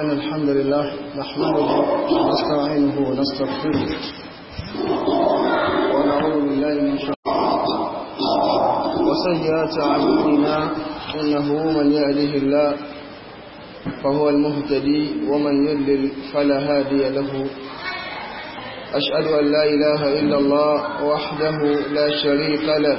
إن الحمد لله نحمده ونستعينه ونستغفره ونعوذ بالله من شرور وسيئات أعمالنا إنه من يهده الله فهو المهتدي ومن يضلل فلا هادي له أشهد أن لا إله إلا الله وحده لا شريك له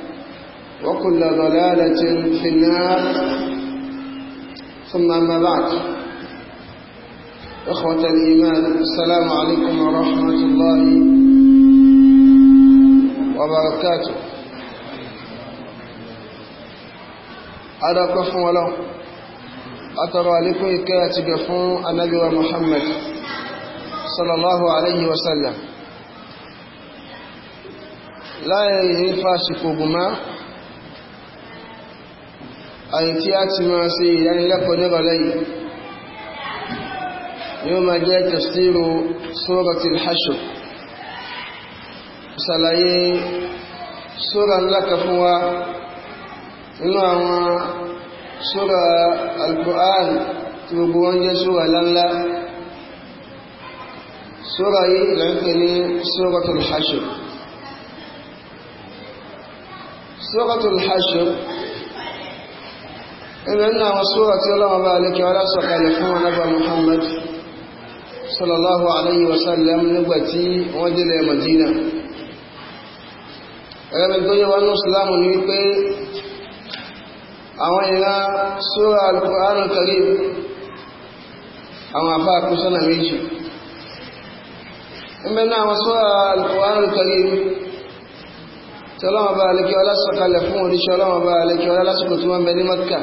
وكل ضلالة في النار ثم ما بعد إخوة الإيمان السلام عليكم ورحمة الله وبركاته هذا كف ولو أترى لكم كاتب فون النبي محمد صلى الله عليه وسلم لا يفاشق بما àyè tí a ti máa ṣe ìdánilẹ́kọ̀ọ́ ní ọ̀lẹ́ yìí yóò máa jẹ́ tafsiru suratul hashr ṣàlàyé sura ńláka fún wa nínú àwọn sura al-Qur'an tí gbogbo wọn jẹ́ sura lánlá sura yìí lẹ́nkẹ̀ ní suratul hashr suratul hashr ibẹ̀ nínú àwọn súrà tí ọlọ́run bá alékẹ́ ọlá sọ̀kalẹ̀ fún ọlọ́bà Muhammad sallallahu alayhi wa sallam nígbà tí wọ́n délẹ̀ Madina ẹgbẹ́ tó yẹ wọn Ìsìlámù ní wípé àwọn ìran súrà Al-Qur'anul àwọn àfáà kú méjì ibẹ̀ àwọn súrà Al-Qur'anul tí ọlọ́run bá alékẹ́ ọlá sọ̀kalẹ̀ fún oríṣẹ́ ọlọ́run bá alékẹ́ ọlá lásìkò tí wọ́n bẹ ní Mẹ́kà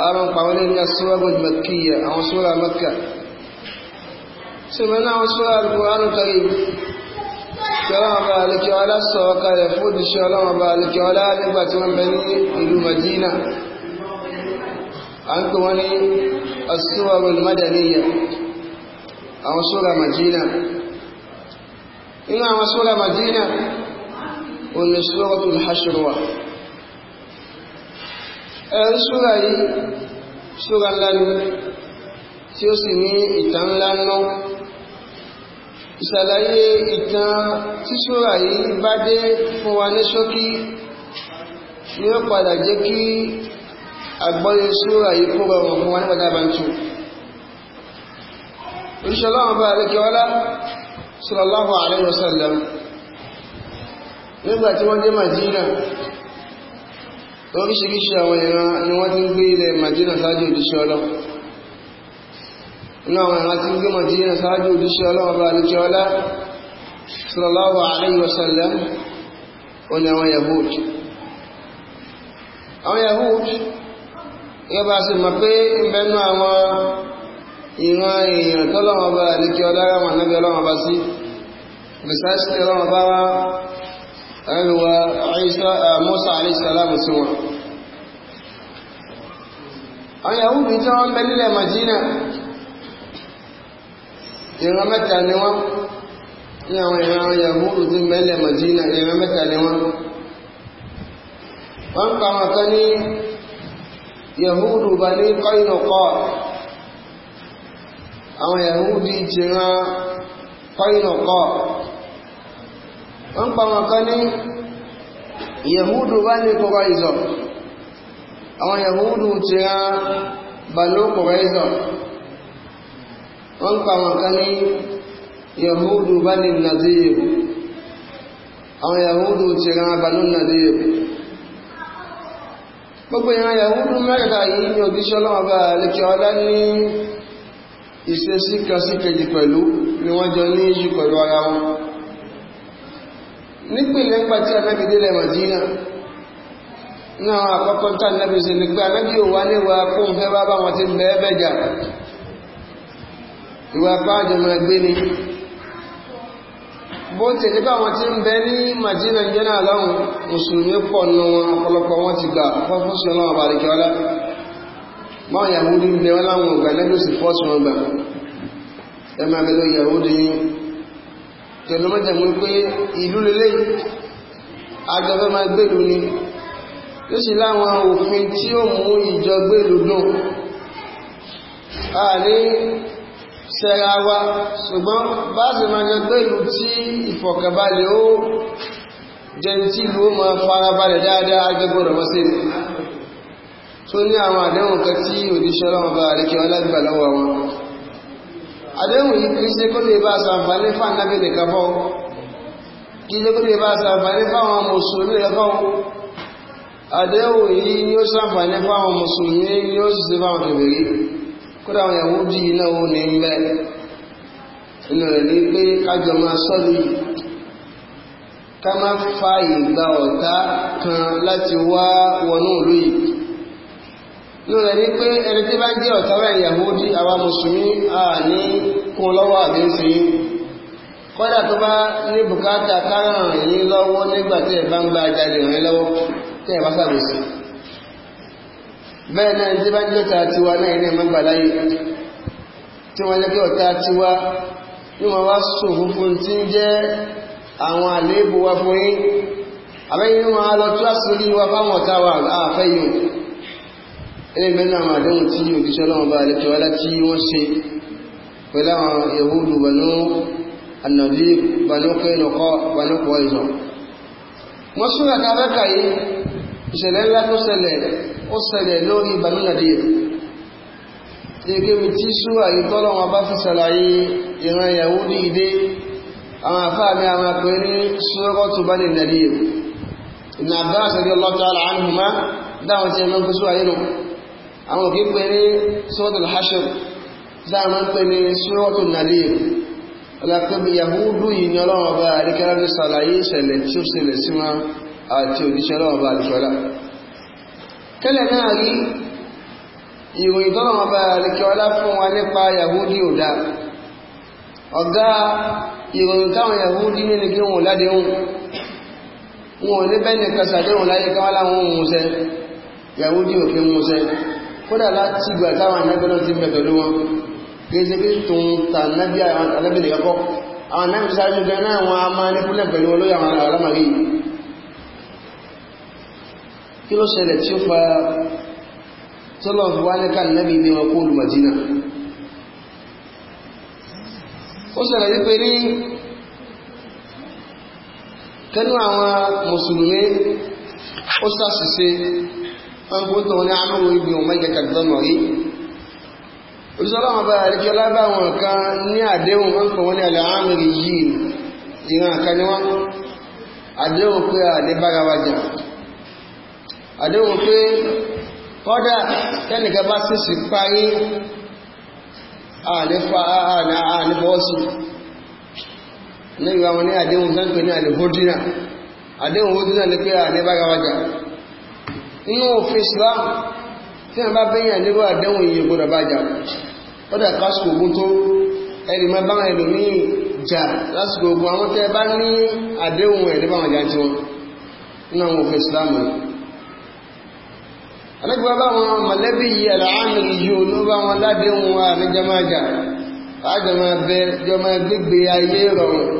àárọ̀ ń pa wọlé ní asúwàgùn makíyà àwọn súra makka ṣùgbọ́n àwọn súra alukùránù kari tí ọlọ́wọ́n bá alẹ́kẹ́ ọlá sọ̀rọ̀ kalẹ̀ fún òjíṣẹ́ ọlọ́wọ́n bá alẹ́kẹ́ ọlá nígbà tí wọ́n madina a ń pè wọ́n ní madaniya àwọn súra madina inú àwọn súra madina òní súra tó ń ẹ̀rí ṣúra yìí ṣúra ńlá ni tí ó sì ní ìtàn ńlá ńlọ ìṣàlàyé ìtàn tí ṣúra yìí bá dé fún wa ní ṣókí ni ó padà jẹ́ kí àgbọ́yé ṣúra yìí kó rọrùn fún wa ní padà bàntú oríṣọ́lọ́wọ́n bá rẹ̀ kí sallallahu alaihi wasallam nígbà tí wọ́n dé Madina oríṣiríṣi àwọn ìran ni wọ́n ti ń gbé ilẹ̀ Madina sáájú òjíṣẹ́ ọlọ́run inú àwọn ìran ti ń gbé Madina sáájú òjíṣẹ́ ọlọ́run bá alẹ́kẹ́ ọlá sallallahu alayhi wa sallam òní àwọn Yahud àwọn Yahud yẹ bá sì mọ̀ pé mẹ́nu àwọn ìran èèyàn tọ́lọ́run bá alẹ́kẹ́ ọlá ráwọn náà ọlọ́run bá sí ẹnuwa Musa alaihisalamu sí wọn àwọn Yahudu tí wọ́n bẹ nílẹ̀ Madina ìran mẹ́ta ni wọ́n ní àwọn ìran Yahudu tí bẹ nílẹ̀ Madina ìran mẹ́ta ni wọ́n wọ́n pa kan ní Yahudu Bani Qaynuqa àwọn Yahudi ti ran Qaynuqa ń pa wọn kan ní yahudu bá ní kọ̀rọ̀ ìzọ̀ àwọn yahudu ti rán balo kọ̀rọ̀ ìzọ̀ wọ́n pa wọn kan ní yahudu bá ní nazir àwọn yahudu ti rán balo nazir gbogbo ìran yahudu mẹ́rẹ̀ta yìí ni òjíṣẹ́ ọlọ́wọ́ bá lẹ́kẹ́ ọlá ní ìṣesí kan sí kejì pẹ̀lú ni wọ́n jọ ní ìṣù pẹ̀lú ara wọn nípìnlẹ̀ ń pàtí anábì délẹ̀ na náà àkọ́kọ́ tá anábì sí ni pé anábì ò wá níwà kún fẹ́ bá bá wọn ti bẹ́ẹ̀ bẹ́jà ìwà pàjọ máa gbé ni bó ti nípa wọn ti ń bẹ ní Madina jẹ́nà mùsùlùmí pọ̀ nù wọn ọ̀pọ̀lọpọ̀ wọn ti gbà fọ́fún sí ọlọ́wọ́ ọlá ń bẹ wọn láwọn ògbà sì fọ́ sí wọn gbà ẹ pẹ̀lú mọ́jẹ̀mú pé ìlú lélẹ́ agbẹ́fẹ́ máa gbèlú ni ó sì láwọn òfin tí ó mú ìjọ gbèlú dùn àní sẹ́ra wa ṣùgbọ́n bá sì máa jẹ gbèlú tí ìfọ̀kànbalẹ̀ ó jẹ tí ìlú ó máa farabalẹ̀ dáadáa agbẹ́gbọ́rọ̀ wọ́n sí tó ní àwọn àdéhùn kan tí òdíṣẹ́ ọlọ́run bá lọ́wọ́ àdéhùn yìí kìí ṣe kó lè bá ṣàǹfààní fáànábì nìkan fọ́ kìí ṣe kó lè bá ṣàǹfààní fáwọn mùsùlùmí rẹ̀ fọ́ àdéhùn yìí ni ó ṣàǹfààní fáwọn mùsùlùmí ni ó sì ṣe fáwọn kèbèrè kódà àwọn ìyàwó dì í náà ní ń inú rẹ̀ ní pé kájọ máa sọ́lù yìí ká má fa ìgbà ọ̀tá kan láti wá wọnú ìlú yìí ló rẹ̀ ní pé ẹni tí bá jẹ́ ọ̀tàwà ìyàwó dí àwa mùsùlùmí à ní kún lọ́wọ́ àbí sí kọ́dà tó bá ní bùkátà káràn yín lọ́wọ́ nígbà tí ẹ̀ bá ń gba ajalè rẹ̀ lọ́wọ́ tẹ́ ẹ̀ bá sàbòsí bẹ́ẹ̀ náà tí bá ń jọ́ta tiwa náà ilé mọ́gbà láyé tí wọ́n jẹ́ kí ọ̀tá tiwa ní wọ́n wá sùn funfun tí ń jẹ́ àwọn àléébù wa fún yín àbẹ́yìn wọn lọ tú àṣírí wa fáwọn ọ̀tá wa ẹlẹ́gbẹ̀ẹ́nà àwọn àdéhùn tí òjíṣẹ́ ọlọ́run bá alẹ́kẹ́ wá láti wọ́n ṣe pẹ̀lú àwọn yahudu banu annabi banu kẹ́nukọ́ banu kọ́ìzọ̀ wọ́n súnra ta bẹ́ka yìí ìṣẹ̀lẹ̀ ńlá tó ṣẹlẹ̀ ó ṣẹlẹ̀ lórí banu nadir ẹgbẹ́mi tí súnra yìí tọ́lọ́wọ́n bá fi ṣàlàyé ìran yahudu ìdé àwọn àfáàmì àwọn àpẹẹrẹ súnrọ́tù banu nadir ìnàbá àwọn òkè pé ní suratul hashr záàmà ń pè ní suratul nadir ọlápẹ́bí yahudu yìí ni ọlọ́run ọba àríkẹ́lá ní sàlàyé ìṣẹ̀lẹ̀ tí ó ṣẹlẹ̀ sí wọn àti òjíṣẹ́ ọlọ́run ọba àríkẹ́lá tẹ́lẹ̀ náà rí ìròyìn tọ́lọ́run ọba àríkẹ́lá fún wọn ò ní bẹ́ẹ̀ ní kásàdéhùn láyé káwọn láwọn mú sẹ́ yahudu ò kí mú sẹ́ kódà láti ìgbà táwọn anábì náà ti bẹ̀rẹ̀ lọ́wọ́ gẹ́gẹ́ bí tòun ta anábì àwọn anábì nìkan àwọn anábì sáájú gan náà wọn a máa ní kúlẹ̀ pẹ̀lú olóyè àwọn alámàrí kí ló ṣẹlẹ̀ tí ó fa tọ́lọ̀ fi wá ní ká anábì ní wọn kó olùmọ̀dínà ó ṣẹlẹ̀ wípé ní tẹnu àwọn mùsùlùmí ó ṣàṣìṣe wọ́n kó tó ní àmọ́ ìbí òun jẹ́ kàgbọ́nà rí olùsọ́lọ́wọ́n bá àríkí kan ní àdéhùn wọ́n kọ̀ wọ́n ní àlàámìrì yìí ìran kan ní wọ́n àdéhùn pé àdébárawájà àdéhùn pé kọ́dà tẹ́nìkan bá sì sì parí ànífọ́ọ́sí ní wọn ní àdéhùn sáńpẹ̀ ní àdéhùn hódínà àdéhùn hódínà ní pé àdébárawájà inú òfin islam tí wọ́n bá bẹ́yàn lérò àdẹ́wọ̀n iye gbọ́dọ̀ bá jà ó kásìkò ogun tó ẹni máa bá ẹlòmíì jà lásìkò ogun àwọn tẹ́ bá ní àdéhùn ma bá wọn jà tí inú àwọn òfin islam rẹ̀ alẹ́gbẹ́ bá wọn mọ̀lẹ́bí yìí àlàámi yìí ló bá wọn ládéhùn wa àníjàmájà àjọmọ̀ abẹ jọmọ gbígbé ayé rọrùn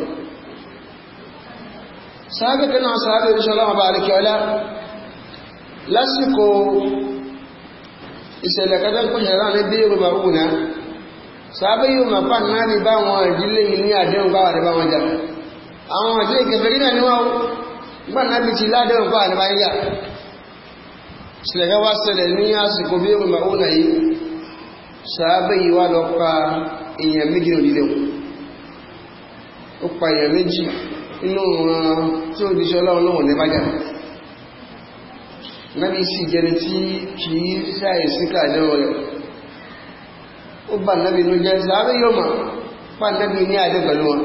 sáábẹ̀ lásìkò ìṣẹ̀lẹ̀ kátàkùnrin ara ní bí yorùbá wùnà sábẹ́ yorùbá pan náà ní bá wọn ìdílé yìí ní àdéhùn bá wàdé bá wọn jà àwọn ìdílé kẹfẹ́ rí náà níwáwó gbà náà bí ti ládéhùn bá wàdé bá yíyà ìṣẹ̀lẹ̀ wá ṣẹlẹ̀ ní àsìkò bí yorùbá wùnà yìí sábẹ́ yìí wá lọ pa èèyàn méjì òdìlé wọn ó pa èèyàn méjì inú wọn tí ó di ṣọlá ọlọ́wọ̀n ní bájà nàbí sì jẹni tí kì í ṣàì sí kàdánwò rẹ̀ ó bá nàbí inú jẹ́ sáré yóò mà pa nàbí ní àdé pẹ̀lú wọn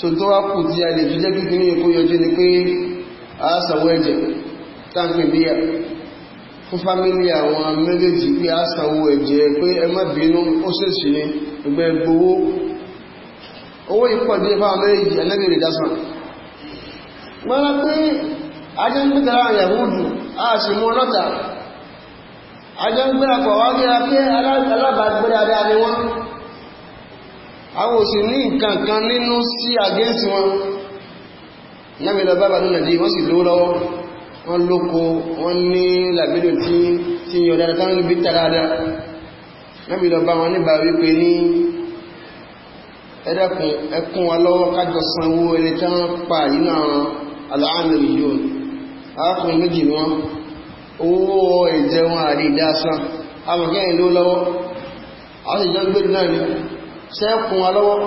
so tó wá kù tí a lè fi jẹ́ kékeré kó yọjú ni pé a sanwó ẹ̀jẹ̀ táǹpì bíyà fún fámílì àwọn méjèèjì pé a sanwó ẹ̀jẹ̀ pé ẹ má bínú ó ṣèṣì ni ẹgbẹ́ gbowó owó ìpọ̀ díẹ̀ fáwọn méjèèjì ẹ̀nẹ́bìrì dásán gbọ́nà pé ajẹ́ ń pítẹ̀ láàrin yahudu a sì mú ọlọ́ta ajẹ́ ń gbéra pọ̀ wá gíra pé alábàágbéra dáa ni wọ́n àwọn òsì ní nǹkan kan nínú sí àgẹ́ǹsì wọn náà lọ bá bàdúnà dí wọ́n sì lówó lọ́wọ́ wọ́n lóko wọ́n ní làbílò tí tí yọ dáadáa tán níbi tàdáadá náà lọ bá wọn níbà wípé ní ẹ̀dẹ́kùn ẹkùn wa lọ́wọ́ kájọ sanwó ẹni tán pa yìí náà aláàmì yìí arákùnrin méjì ni wọ́n owó ìjẹ wọn àrí ìdásán amọ̀kẹ́yìn ló lọ́wọ́ àwọn ìjọ gbèrè náà ni sẹ́kùn wa lọ́wọ́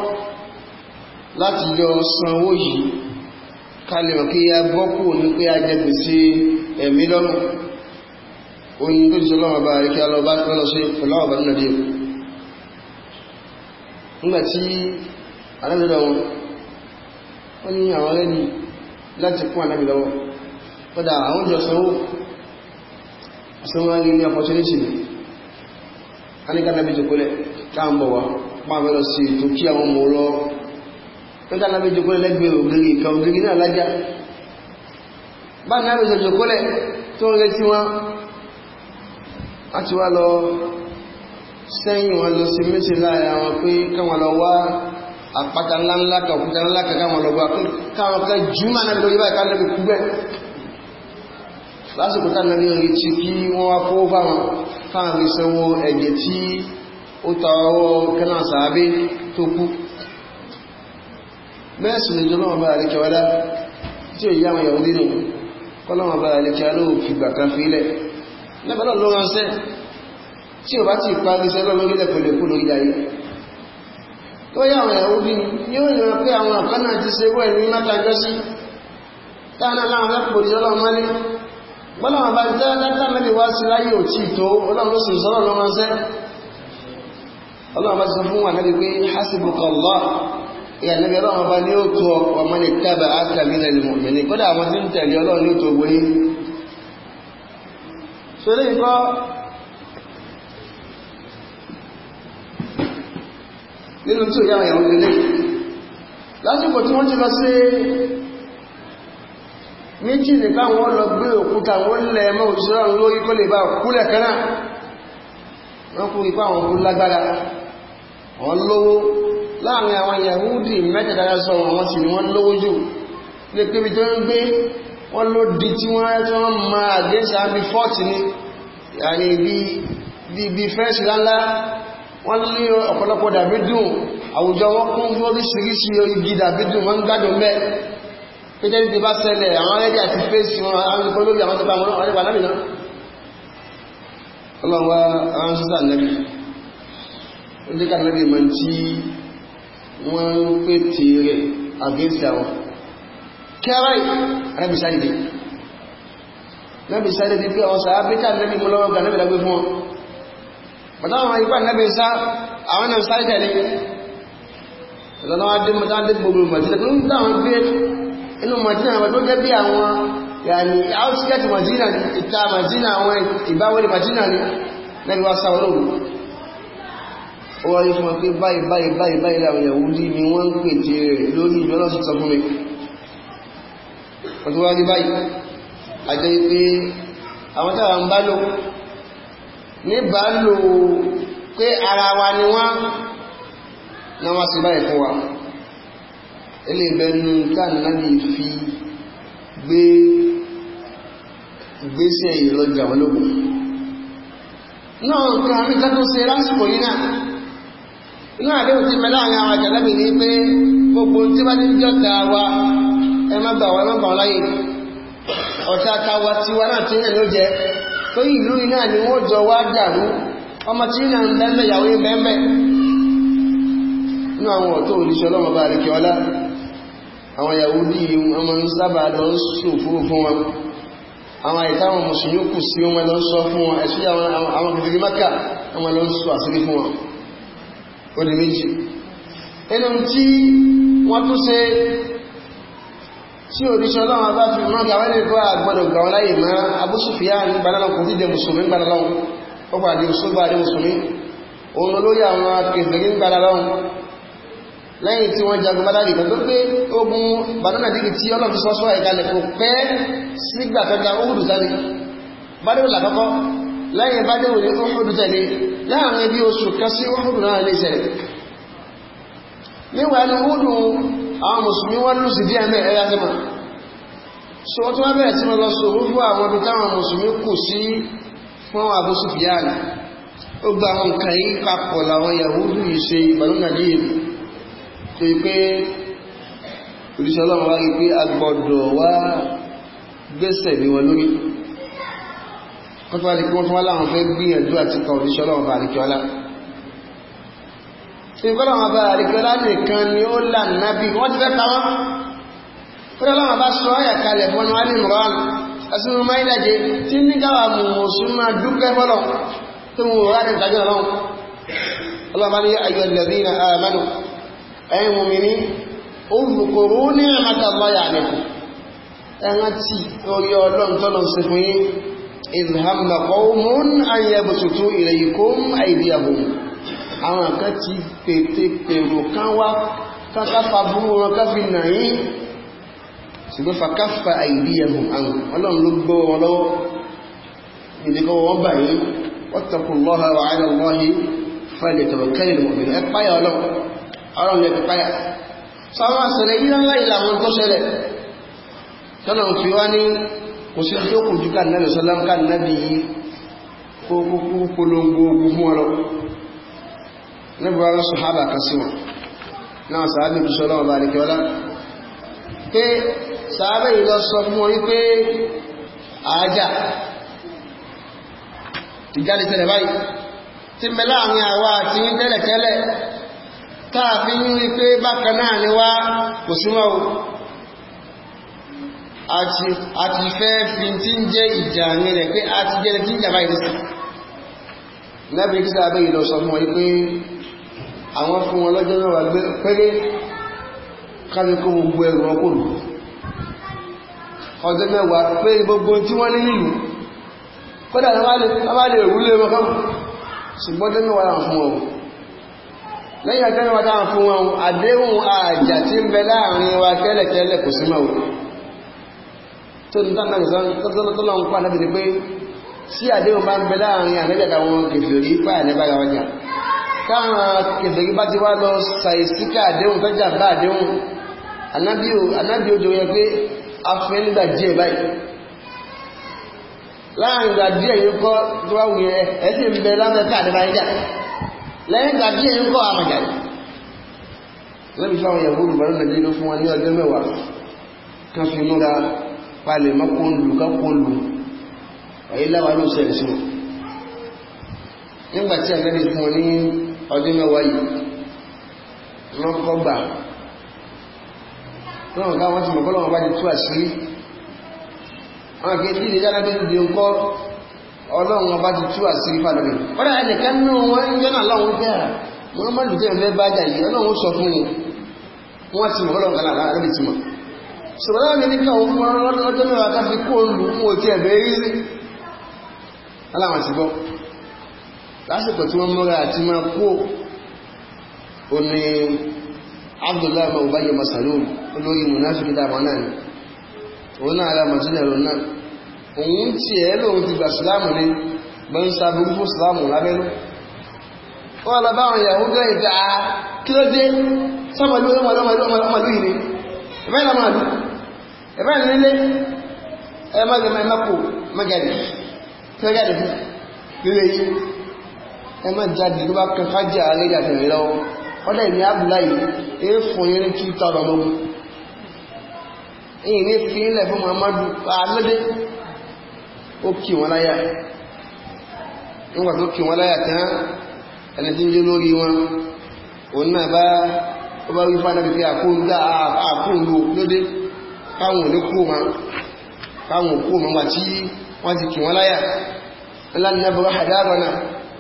láti yọ san owó yìí kalẹ̀ òkè ya ní pé a jẹ gbèsè ẹ̀mí lọ́nà oyin tó ti bá rí kí a lọ bá lọ sí wọ́n ní àwọn ẹni láti kún kódà àwọn jọ sanwó sí wọ́n ní opportunity ni a ní kánàbí jùkúlẹ̀ káàmbọ̀ wá pàmẹ́ lọ sí ètò kí àwọn ọmọ lọ ní kánàbí jùkúlẹ̀ lẹ́gbẹ̀ẹ́ ògiri ìkan ògiri náà lájá bá náà bẹ̀rẹ̀ jùkúlẹ̀ tó ń retí wọn láti wá lọ sẹ́yìn wọn lọ sí méjì láàrin àwọn pé káwọn lọ wá àpáta ńláńlá kan òkúta ńláńlá kan káwọn lọ gbà káwọn kan jùmọ̀ náà lórí báyìí káwọn lọ lásìkò tánà ní orí tí kí wọ́n wá kó fáwọn fáwọn fi sanwó ẹ̀jẹ̀ tí ó ta ọwọ́ kanáà sàábé tó kú bẹ́ẹ̀ sì lójú náà bá àríkẹ́ wádá tí ó yá àwọn yàwó dínú kọ́lọ́wọ́ bá àríkẹ́ alóò fi gbà kan fílẹ̀ lẹ́bẹ̀lọ́ ló ránṣẹ́ tí ó bá ti parí sẹ́lọ́ lórílẹ̀ pẹ̀lú èkó lórí ayé tó yá àwọn yàwó dínú yóò yọ pé àwọn àkọ́nà ti ṣe wẹ́ẹ̀ ní látàjọ́sí táwọn aláwọn fẹ́ pòdì ọlọ́mọlé bọ́lá wọn bá dá látàmẹ́lì wá sí láyé ò tí tó ọlọ́run ló sì sọ́rọ̀ lọ́wọ́ ṣẹ́ ọlọ́run bá sọ fún wa lẹ́bi pé hasibukallah ìyànlẹ́bí ọlọ́run bá ní ó tó ọ̀pọ̀ ọmọ ní tábà ákàmílẹ̀ lùmọ̀mìnì kódà àwọn tí ń tẹ̀lé ọlọ́run ní ó tó wéyí sórí lásìkò tí wọ́n ti lọ sí méjì lè bá wọn lọ gbé òkúta wọn lẹ mọ́ òṣìṣẹ́ ọ̀run lórí kó lè bá kúlẹ̀ kanáà wọ́n kú ipá àwọn òkúta lágbára wọ́n lówó láàrin àwọn yahudi mẹ́tẹ̀dára sọ wọ́n sì ni wọ́n lówó jù ní pébí tó ń gbé wọ́n ló di tí wọ́n rẹ́ tí wọ́n fọ́ọ̀tì ni fẹ́ẹ̀sì lálá wọ́n lé ọ̀pọ̀lọpọ̀ pété ní ti bá ṣẹlẹ̀ àwọn ẹ̀dẹ̀ àti fèsì wọn àwọn ìpín lórí àwọn tẹ́bà wọn ọ̀rẹ́wà lámìnà ọlọ́wọ́ àwọn sísà nẹ́bí ó jẹ́ ká nẹ́bí mọ̀ tí wọ́n ń pè tí rẹ̀ against àwọn kẹ́rẹ́ nẹ́bí sáyidé nẹ́bí sáyidé pé ọ̀sà áfíríkà nẹ́bí mú lọ́wọ́ gbà nẹ́bí lágbé fún wọn bàtà àwọn ipá nẹ́bí sá àwọn náà sáyidé ni ìlànà adé mọ̀tá adé gbogbo mọ̀tí inú Madina àwọn tó jẹ́ bí àwọn yàní outskirt Madina ní ìta Madina àwọn ìbáwọlé Madina ní lẹ́bí wá sáwọn lóòrùn ó wáyé fún ọpẹ́ báyìí báyìí báyìí báyìí láwọn Yahudi ni wọ́n ń pè tí rẹ̀ lórí ìjọlọ́sì sọ fún mi ọdún wá rí báyìí àjẹ́ pé àwọn táwà ń bá lò ní bá lò pé ara wa ni wọ́n náwà sí báyìí fún wa ẹlẹ́bẹ̀ẹ́nu tánàbí fi gbé ìgbésẹ̀ ìrọjà ológun náà kan ní tàbí ṣe lásìkò yìí náà inú àdéhùn ti mẹ́lá àwọn àwọn àjàlábì ní pé gbogbo tí bá ní jọta wa ẹmọ́gbà wa ẹmọ́gbà láyé ọ̀tá tawa tiwa náà tí ilẹ̀ ló jẹ tó ìlú iná ni wọ́n jọ wá dàrú ọmọ tí ìyàwó inú àwọn ọ̀tọ́ ọlọ́mọba àwọn Yahudi wọn máa ń sábà lọ ń sùn fún fún wọn àwọn àìtáwọn mùsùlùmí kù sí wọn lọ ń sọ fún wọn ẹ̀sùn àwọn kìfìrí Mákà wọn lọ ń sọ àṣírí fún wọn ó di méjì ẹnu tí wọ́n tún ṣe tí òdíṣẹ́ ọlọ́run bá fi mọ́ gàwẹ́ lè bọ́ lẹ́yìn tí wọ́n jagun bátàrí kan tó pé ogun banana dìkì tí ọlọ́run ti sọ́sọ́ ìkalẹ̀ kò pẹ́ sígbà kẹta oòrùn sáré bádẹ́wò làkọ́kọ́ lẹ́yìn bádẹ́wò ní oòrùn tẹ̀lé láàrin bí oṣù kan sí oòrùn náà lè ṣẹlẹ̀ níwà ní oòrùn àwọn mùsùlùmí wọ́n lù sí díẹ̀ mẹ́ ẹ̀yà sẹ́mà so wọ́n tó wá bẹ̀rẹ̀ sí wọn lọ sòrò fún àwọn ibi táwọn mùsùlùmí tó yí pé oríṣẹ́ ọlọ́run wá rí pé a gbọ́dọ̀ wá gbẹ́sẹ̀ lé wọn lórí kọ́tọ́wàlì kí wọ́n tún wá láwọn fẹ́ gbìyànjú àti kan oríṣẹ́ ọlọ́run bá àríkíọ́lá tí kọ́lá wọn bá àríkíọ́lá nìkan ni ó là nábì wọ́n ti fẹ́ pa wọ́n kọ́lá wọn bá sọ ọ́yà kalẹ̀ fún wọn ní mùrán ẹ̀sùn máìlẹ́jẹ tí ní káwà mùsùlùmá dúpẹ́ fọ́lọ̀ tó mú rárẹ̀ ìdájọ́ ọlọ́run ọlọ́run bá ní ayọ̀ lẹ́bí ẹ̀yin mùmíní olùkòrò ní àmàtàlọ́yà nìkù ẹ̀rán tí orí ọlọ́run tọ́lọ̀ sí fún yí ìzhàmàkọ́ mún ayẹbùsùtù ìrẹ̀yìnkún àìdíyàwó àwọn àkẹ́ ti pètè pèrò kan wá kákáfà búrú wọn káfí nàí ṣùgbọ́n fàkáfà àìdíyàwó àwọn ọlọ́run ló gbọ́ wọn lọ́wọ́ ìdíkọwọ́ wọn báyìí wọ́n ọlọ́run lè fi páyà sọ àwọn àṣẹlẹ̀ yíyá ńlá ìlà àwọn tó ṣẹlẹ̀ tọ́nà fi wá ní kò sí tó kù jù kànnábì sọlọ́m kànnábì yìí kó kúkú polongo ogun fún ọlọ́ níbi wọn sọ hábà kan sí wọn náà sàábì tó sọlọ́m ọba àdìkẹ́ ọlá pé sàábì yìí lọ sọ fún wọn wípé àájà ìjáde tẹ̀lẹ̀ báyìí ti mẹ́lá àwọn àwa àti tẹ́lẹ̀tẹ́lẹ̀ táà fi ń rí pé bákan náà ni wá kò súnmọ́ o àti fẹ́ fi tí ń jẹ́ ìjà nílẹ̀ pé a ti jẹ́ tí ń jàbá ìrìsì lẹ́bí kí sáà bẹ́yìn lọ sọ mọ́ wípé àwọn fún wọn lọ́jọ́ náà gbé pẹ́rẹ́ kálùkù gbogbo ẹrù ọkùnù ọjọ́ mẹ́wàá pé gbogbo tí wọ́n ní nílùú kódà lọ́wọ́ lè rúlé wọn kọ́ ṣùgbọ́n lẹ́yìn àtẹ́rù wa dáa fún wọn àdéhùn àjà tí ń bẹ láàrin wa tẹ́lẹ̀tẹ́lẹ̀ kò símọ̀ tó ní tán náà tọ́lọ́ ń pa láti pé sí àdéhùn bá ń bẹ láàrin àlẹ́jàdà kèfèrí páyà ní kèfèrí bá ti wá lọ sàìsíkà àdéhùn lẹ́yìn ìgbà díẹ̀ ń kọ́ àmàjàrí lẹ́bi fáwọn ìyàwó olùbárò nàìjíríà fún wọn ní ọjọ́ mẹ́wàá kan fi múra palẹ̀ mọ́kànlù kápọ̀lù ayéláwà ló sẹ̀ sí wọn nígbàtí àgbẹ́bí fún wọn ní ọdún mẹ́wàá yìí wọ́n kọ́ gbà lọ́wọ́n káwọn ti mọ̀kọ́lọ́wọ́n bá ti tú àṣírí wọn kì í dídí dáadáa bí ọlọ́run ọba ti tú àṣírí fàlọ́lù ọ̀rẹ́ ẹnìkan ní wọn ń jẹ́ náà láwọn jẹ́ ah, wọn má dùn jẹ́ yìí ọlọ́run sọ fún mi wọ́n ti mọ̀ ọlọ́run kan ti mọ̀ ọjọ́ mẹ́wàá ká fi kó lù ú ti bọ́ lásìkò tí wọ́n mọ́ra àti máa náà ni òun èyí ń tí ẹ lóun ti gbà sílámù ni lọ ń sa sílámù lábẹ́lú ó wà lábá àwọn ìyàwó gẹ́ ìdá ah, kí ló dé sọ́mọlú ọmọlú ọmọlú yìí ni ẹ̀fẹ́ ìlànà àdú ẹ̀fẹ́ ìlànà ilé ẹ mọ́gẹ̀mẹ́ mẹ́kù mọ́gẹ̀dì kí ó jáde fún lílé yìí ẹ má jáde ló bá lọ́wọ́ ọ̀dọ̀ ìní fún ó kì wọ́n láyà nígbà tó kì wọ́n láyà tán ẹni tí ń jẹ́ lórí wọn òun náà bá ó bá wípá náà pípẹ́ àkóòlù lóde káwọn ò ní kó wọn káwọn ò kó wọn wà tí wọ́n ti kì wọ́n láyà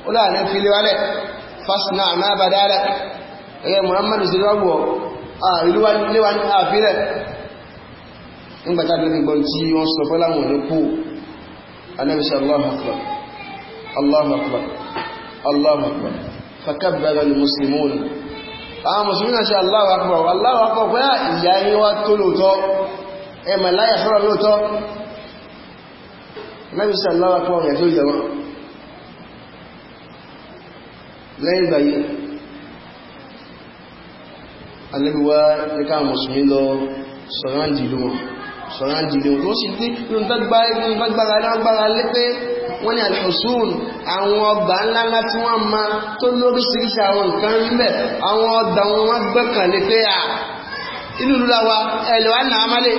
ó láàrin fi wálẹ̀ fásitì náà bá dáadáa ẹ̀yẹ muhammadu sílọ́wọ́ àìlúwà níwájú àfilẹ̀ nígbàtà lórí gbọ́n tí wọ́n sọ fọ́láwọn ní kó أنا صلى الله عليه وسلم الله أكبر الله أكبر فكبر المسلمون أنا آه، مسلمين إن شاء الله أكبر الله أكبر يا يعني وطلوتو إما إيه، لا يحرم لوتو أنا صلى الله عليه وسلم يقول جماعة لين بعيد النبي هو أنا مسلمين له سلام جلوه sọ̀rọ̀ jìnnà tó sì tí inú gbágbára lágbára lé pé wọ́n ní alhusun àwọn ọgbà ńláńlá tí wọ́n ma tó lóríṣiríṣi àwọn nǹkan níbẹ̀ àwọn ọgbà wọn wọ́n gbẹ́kànlé pé à inú lulawa ẹ̀lọ́ àná amálẹ̀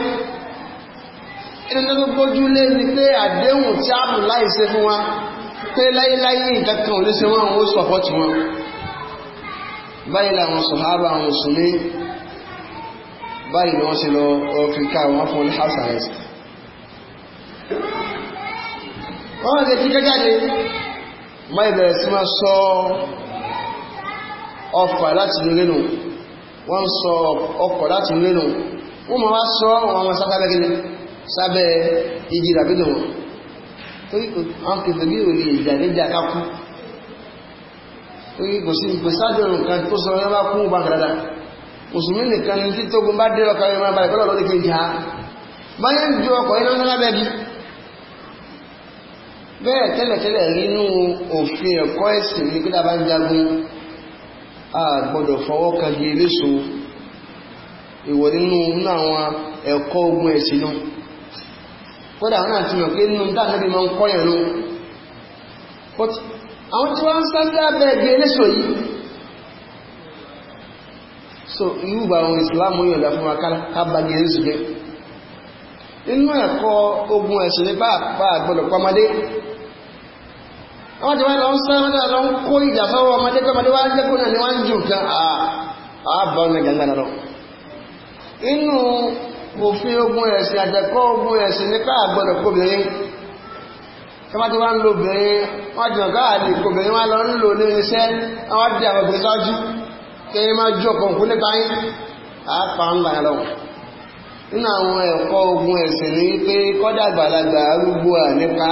inú tó gbójú lé ni pé àdéhùn tí a mú láì fún wa pé láyéláyé nǹkan kan ò ní ṣe wọn ò sọ̀pọ̀ tí wọn báyìí làwọn sọ̀hábà àwọn mùsùlùmí báyìí ni wọ́n ṣe lọ ọ̀fíkà wọ́n fún ní house arrest wọ́n wọ́n ṣe fi kẹ́jáde máa ìbẹ̀rẹ̀ sí máa sọ ọkọ̀ láti inú lẹ́nu wọ́n sọ ọkọ̀ láti inú lẹ́nu wọ́n máa sọ wọn wọn sábẹ́ gẹ́gẹ́ sábẹ́ igi ìràbídò wọn torí àwọn kìtò bí òní ìdàdéjà kákú torí kò sí ìpèsájọ́ nǹkan tó sọ wọn bá kún bá dáadáa mùsùlùmí nìkan ní títógun bá dé ọkọ̀ ẹ̀rọ abalẹ̀ pẹ́lú ọlọ́dún kejì ha báyẹ̀ ń ju ọkọ̀ iná bi. bẹ́ẹ̀ bí bẹ́ẹ̀ nínú òfin ní pé dábàá ń jagun fọwọ́ àwọn ogun àwọn àti àwọn so irú àwọn ìsìláàmù yọ̀dá fún akábàgì ẹ̀sùn jẹ́ inú ẹ̀kọ́ ogun ẹ̀sìn ní pàápàá gbọ́dọ̀ pàmọ́dé wọ́n ti wá lọ ń sáré mọ́dá lọ ń kó ìjà fáwọn ọmọdé pàmọ́dé wá jẹ́ kónà ní wọ́n ń jù kan àbá ọ̀nà gangan lọ inú òfin ogun ẹ̀sìn àjẹkọ́ ogun ẹ̀sìn ní pàápàá gbọ́dọ̀ kóbìnrin tọ́mátí wá ń lo obìnrin wọ́n jọ̀ká àlè kóbìnrin wá lọ ń lò ní irinṣẹ́ wọ́n dí àwọn obìnrin kẹ́yìn máa jọ kọ̀ǹkú nípa yín àápa ńlá lọ́wọ́ nínú àwọn ẹ̀kọ́ ogun ẹ̀sìn ní pé kọ́dà àgbàlagbà arúgbó à nípa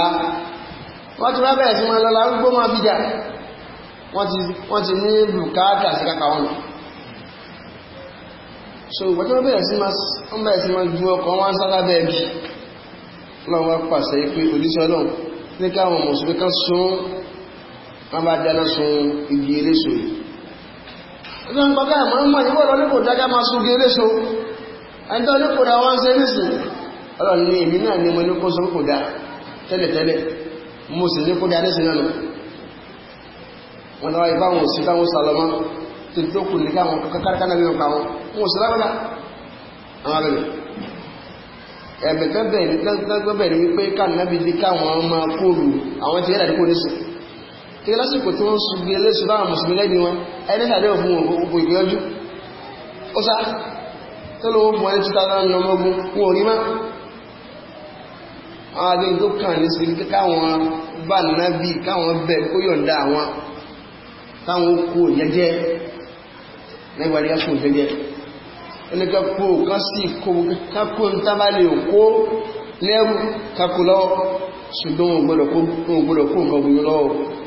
wọ́n ti rábẹ̀rẹ̀ sí máa lọ́la arúgbó máa bíjà wọ́n ti ní bùkátà sí kápá wọn so ìgbà tí wọ́n bẹ̀rẹ̀ sí máa ju ọkọ̀ wọn sára bẹ́ẹ̀bì lọ́wọ́ pàṣẹ pé òdíṣẹ́ ọlọ́run ní káwọn mùsùlùmí kan sún wọn bá dáná sun igi eléso ìjọ ń gbọ́gbẹ́ àmọ́mọ́ ìwọ́ lọ nípò dájá máa súgé léṣo ẹjọ́ nípò dá wọ́n ṣe nísìn ọlọ́run ní èmi náà ni mo ní kó sókò dá tẹ́lẹ̀tẹ́lẹ̀ mo sì ní kó dá nísìn náà wọ́n dáwà ìbáwọn òsì káwọn sàlọ́mọ́ tó tó kù ní káwọn kákákáná bí wọn káwọn wọn sì lágbádá àwọn abẹ́rẹ́ ẹ̀bẹ̀ kan bẹ̀rẹ̀ ní wípé káwọn náà bí tí lásìkò tí wọ́n sùgbé eléṣù bá àwọn mùsùlùmí lẹ́bí wọn ẹni sàdé òfin ògbò ìgbìyànjú ó sá tó lówó fún ẹni títà láàrín ọmọ ogun fún orí má àwọn agbẹ́ tó kàn ní sí káwọn bá nábì káwọn bẹ̀ kó yọ̀ǹda àwọn táwọn kú jẹ́jẹ́ lẹ́gbàdí kú jẹ́jẹ́ ẹnìkan kú kan sí kákó lẹ́rù kákó ṣùgbọ́n ògbọ́dọ̀ kó nǹkan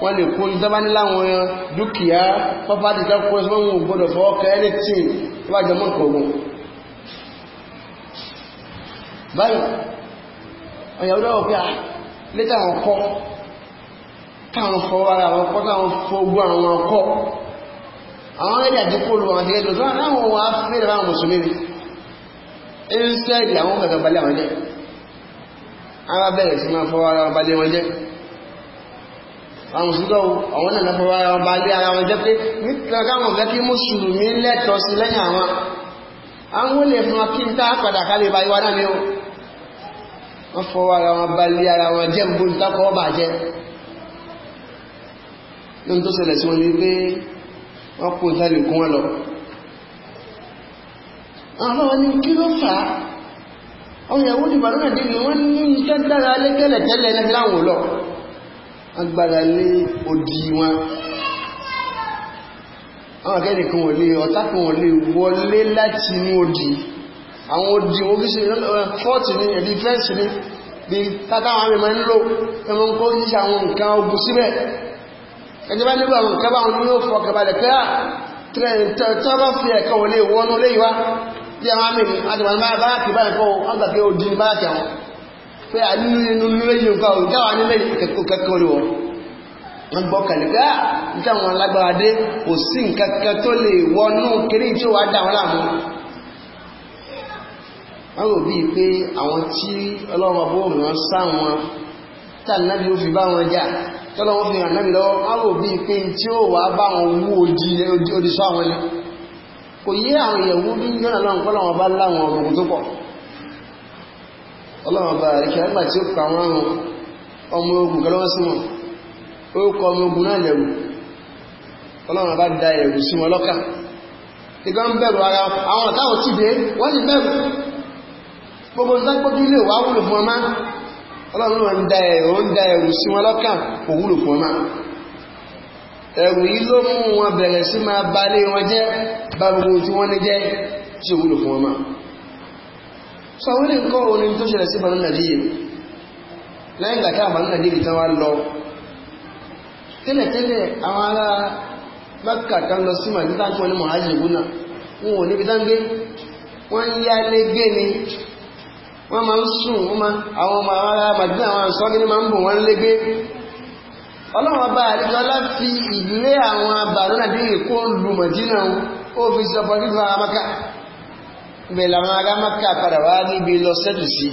wọ́n lè kó ìjọba ní láwọn dúkìá pọ́pátì tẹ́kọ́ ẹ̀sùn wọn gbọ́dọ̀ fọ́ kẹ́ẹ̀lẹ́ tí ó bá jẹmọ́ ọ̀gbọ̀n báyìí ọ̀yàwó dáwọ̀ pé à létà àwọn kọ́ káwọn fọ́ ara àwọn jẹ́ àwọn sí máa fọ́ ara balẹ̀ wọn jẹ́ àwọn mùsùlùmí àwọn náà lọ́fọ́ ara wọn bá lé ara wọn jẹ́ pé nítorí káwọn fẹ́ kí mùsùlùmí lẹ́tọ̀ọ́ sí lẹ́yìn àwọn àwọn olè fún wọn kí n tá padà ká lè ba náà ni ó wọ́n fọwọ́ ara wọn bá lé ara wọn jẹ́ gbogbo ìtakọ̀ agbára lé odi wọn àwọn akẹ́ni kan wọ̀n lé ọ̀tá kan wọ̀n lé wọlé láti inú odi àwọn odi wọn kí sí fọ́ọ̀tì ní ẹ̀dí fẹ́ǹsì ní bí tátàwọn àmì máa ń lò ẹmọ ń kó yíṣe àwọn nǹkan ogun síbẹ̀ ẹjẹ́ bá nígbà àwọn nǹkan báwọn ní ó fọ kẹbalẹ̀ pé à ah, tọ́ fi ẹ̀kọ́ wọlé wọnú lé ìwá bí àwọn àmì àti bàbá bá kì bá ẹ̀kọ́ wọn gbà pé odi bá kì pé a nínú inú méjì nǹkan òun dáwà nílẹ̀ kẹ́kọ̀ọ́ rí wọn wọ́n gbọ́ kàlùkà ah, nítawọn alágbára dé kò sí nǹkan kan tó lè wọnú tí ọlọ́run bá àríkẹ́ nígbà tí ó pa wọ́n ahùn ọmọ ogun kẹlọ́wọ́ wọn ó kọ ọmọ ogun náà lẹ̀rù ọlọ́run bá da ẹ̀rù sí wọn lọ́kà ìgbà ń bẹ̀rù ara àwọn táwọn ti wọ́n ti bẹ̀rù gbogbo ìdágbójú ilé wà wúlò fún ọlọ́run da ẹ̀rù sọ wílì nǹkan òun ni tó ṣẹlẹ̀ sí banu aka lẹ́yìn gbàtà banu nàdíyè tán wá lọ tẹ́lẹ̀tẹ́lẹ̀ àwọn ará Mẹ́kà tán lọ sí màdí tán tí wọ́n ní mọ̀hájì ìgbóná wọn ò níbi tán gbé wọ́n ń yá lé gbé ni wọ́n máa ń sùn wọ́n máa àwọn ọmọ ará màdínà àwọn máa ń wọ́n lé gbé ọlọ́run ọba láti ìdílé àwọn màdínà ìbẹ̀ làwọn ará maka padà wá níbi e sẹ́tù sí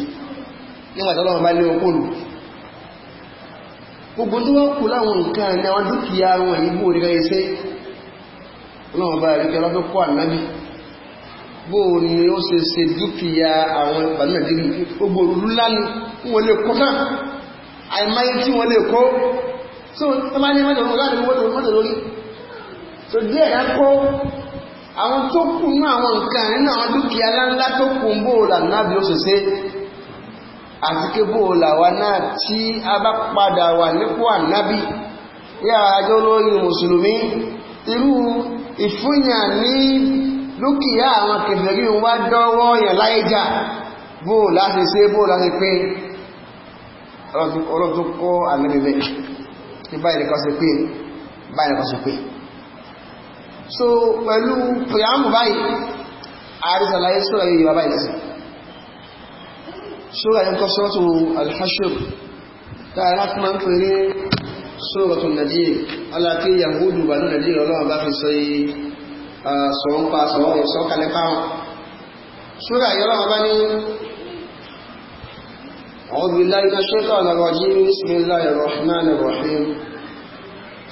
nígbàtọ́lọ́wọ́ n'okpuru. lé okòrò gbogbo tí nke kú láwọn nǹkan ní àwọn dúkìá wọn ìbò rẹ̀ iṣẹ́ ọlọ́wọ́ bá rí ni ó ṣe ṣe dúkìá àwọn so ní àwọn tó kù ní àwọn nǹkan nínú àwọn dúkìá láńlá tó kù ń bóòlà náàbí ó sì ṣe àti ké bóòlà wa náà tí a bá padà wà nípò ànábì yá àjọ olóyìn mùsùlùmí irú ìfúnyàn ní dúkìá àwọn kèfèrí wá dọ́wọ́ yàn láìjà bóòlà ti ṣe bóòlà ti pín ọlọ́tún kọ́ àmì so pẹ̀lú pìyàmù báyìí àrísàlàyé sọ́rọ̀ yìí bàbá ìsìn sọ́rọ̀ yìí kọ́ sọ́rọ̀ tó alhashir tààrà kuma ń pèrè sọ́rọ̀ tó nàíjírí alákí yahudu bà ní nàíjírí ọlọ́run bá fi sọ yìí sọ̀rọ̀ ń pa sọ̀rọ̀ ìsọ́kalẹ̀ fáwọn sọ́rọ̀ yìí ọlọ́run bá ní أعوذ بالله من الشيطان الرجيم بسم الله الرحمن الرحيم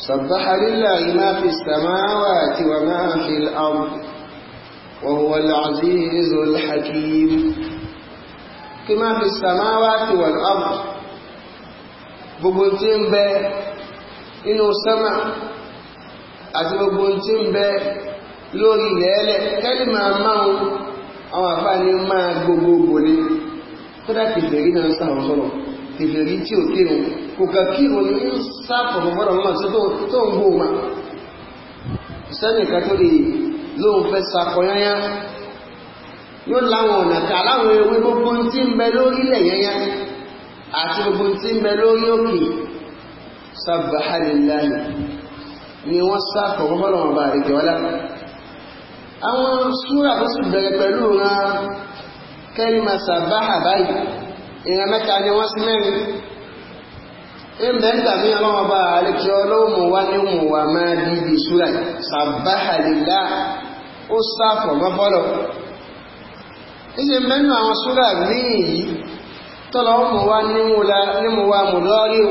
سبح لله ما في السماوات وما في الأرض وهو العزيز الحكيم كما في السماوات والأرض gbogbo tí ń bẹ inú sánmà àti gbogbo tí ń bẹ lórí ilẹ̀ẹ́lẹ̀ kẹ́lì máa máa àwọn àfáà ní máa gbogbogbò ní kódà kìbẹ̀rí náà sáwọn sọ́rọ̀ kèfèrí tí ò kírun kò kà kírun ní ń sáàpọ̀ mọ́rọ̀ wọn tó ń gbò ma sẹ́nìkan tó lè lóun fẹ́ sakọyányá yóò láwọn ọ̀nà ká láwọn ewé gbogbo tí ń bẹ lórílẹ̀ yányá àti gbogbo tí ń bẹ lórí òkè sábàhálìláì ni wọ́n sáàpọ̀ mọ́rọ̀ wọn bá àríkẹ́ wọ́lá àwọn súrà tó sì bẹ̀rẹ̀ pẹ̀lú ran kẹ́rìmà sàbáhà báyìí èèyàn mẹ́ta ni wọ́n sí mẹ́rin ìbẹ̀ǹtà ní ọlọ́wọ́ bá àríkẹ́ ọlọ́mù wá ní mùwà máa di ibi ìṣúra sàbáhàlìlá ó sáfọ̀ mọ́fọ́lọ̀ ìṣe mẹ́nu àwọn ṣúra míì yìí tọ́lọ́ mù wá ní mùwà mùlọ́rí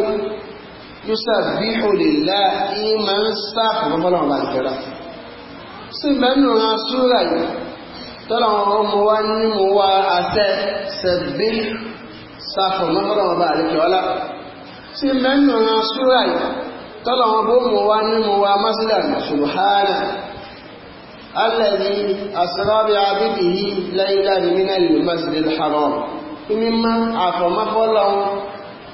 yúsà bí òlìlá yìí àtẹ́ sẹ̀bí sáfọ̀ mọ́kànlá ọba àríkẹ́ ọlá tí mẹ́nu ran súra yìí tọ́lọ̀ wọn bó mú wa ní mú wa masílà subhana alladhi asra bi abidihi laylan min al-masjidil haram mímọ́ àfọ̀mọ́kọ́lọ́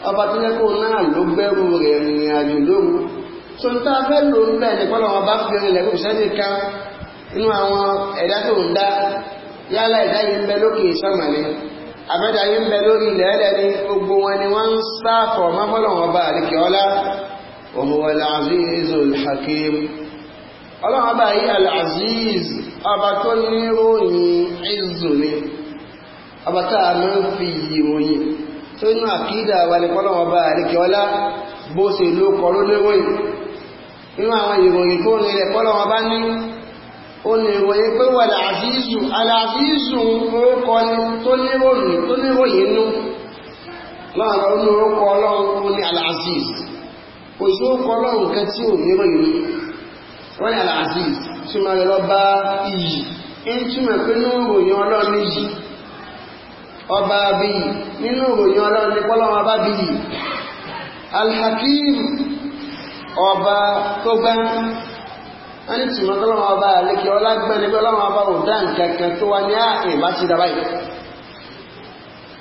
ọba tó yẹ kó náà ló gbẹ́rù rẹ̀ rìnrìn àjò lóru tó ń tá a fẹ́ àwọn ẹ̀dá tó ń dá yálà ẹ̀dá yìí ń bẹ lókè sọ́mọ̀lẹ́ àmẹ́ta yí ń bẹ lórí ilẹ̀ ẹlẹ́ ní gbogbo wọn ni wọ́n ń sáfọ̀ mọ́mọ́lọ́wọ́ bá àríkẹ́ ọlá òmùwẹ̀lá azizul hakim ọlọ́wọ́ bá yí al-aziz ọba tó ní ròyìn ìzù ni ọba táà mọ́ fi ìròyìn tó inú àkídà wà ní pọ́lọ́wọ́ bá àríkẹ́ ọlá bó ṣe ló kọ́ ló léròyìn inú àwọn ìròyìn tó ní ilẹ̀ pọ́lọ́wọ́ bá ní oníròyìn pé wà láàfíìsù aláàfíìsù orúkọ ni tó níròyìn tó níròyìn inú náà lọ ní orúkọ ọlọ́run ó ní aláàzíz kò sí orúkọ ọlọ́run kan tí ò níròyìn inú wọ́n ní aláàzíz tí máa lọ bá iyì ń ọba tó gbẹ́rún wọ́n ní tìmọ̀ tọ́lọ́wọ́ ọba àlékè ọlágbẹ́ni pé ọlọ́wọ́ ọba ò dá nǹkan kan tó wá ní ààyè bá ti dábàá yìí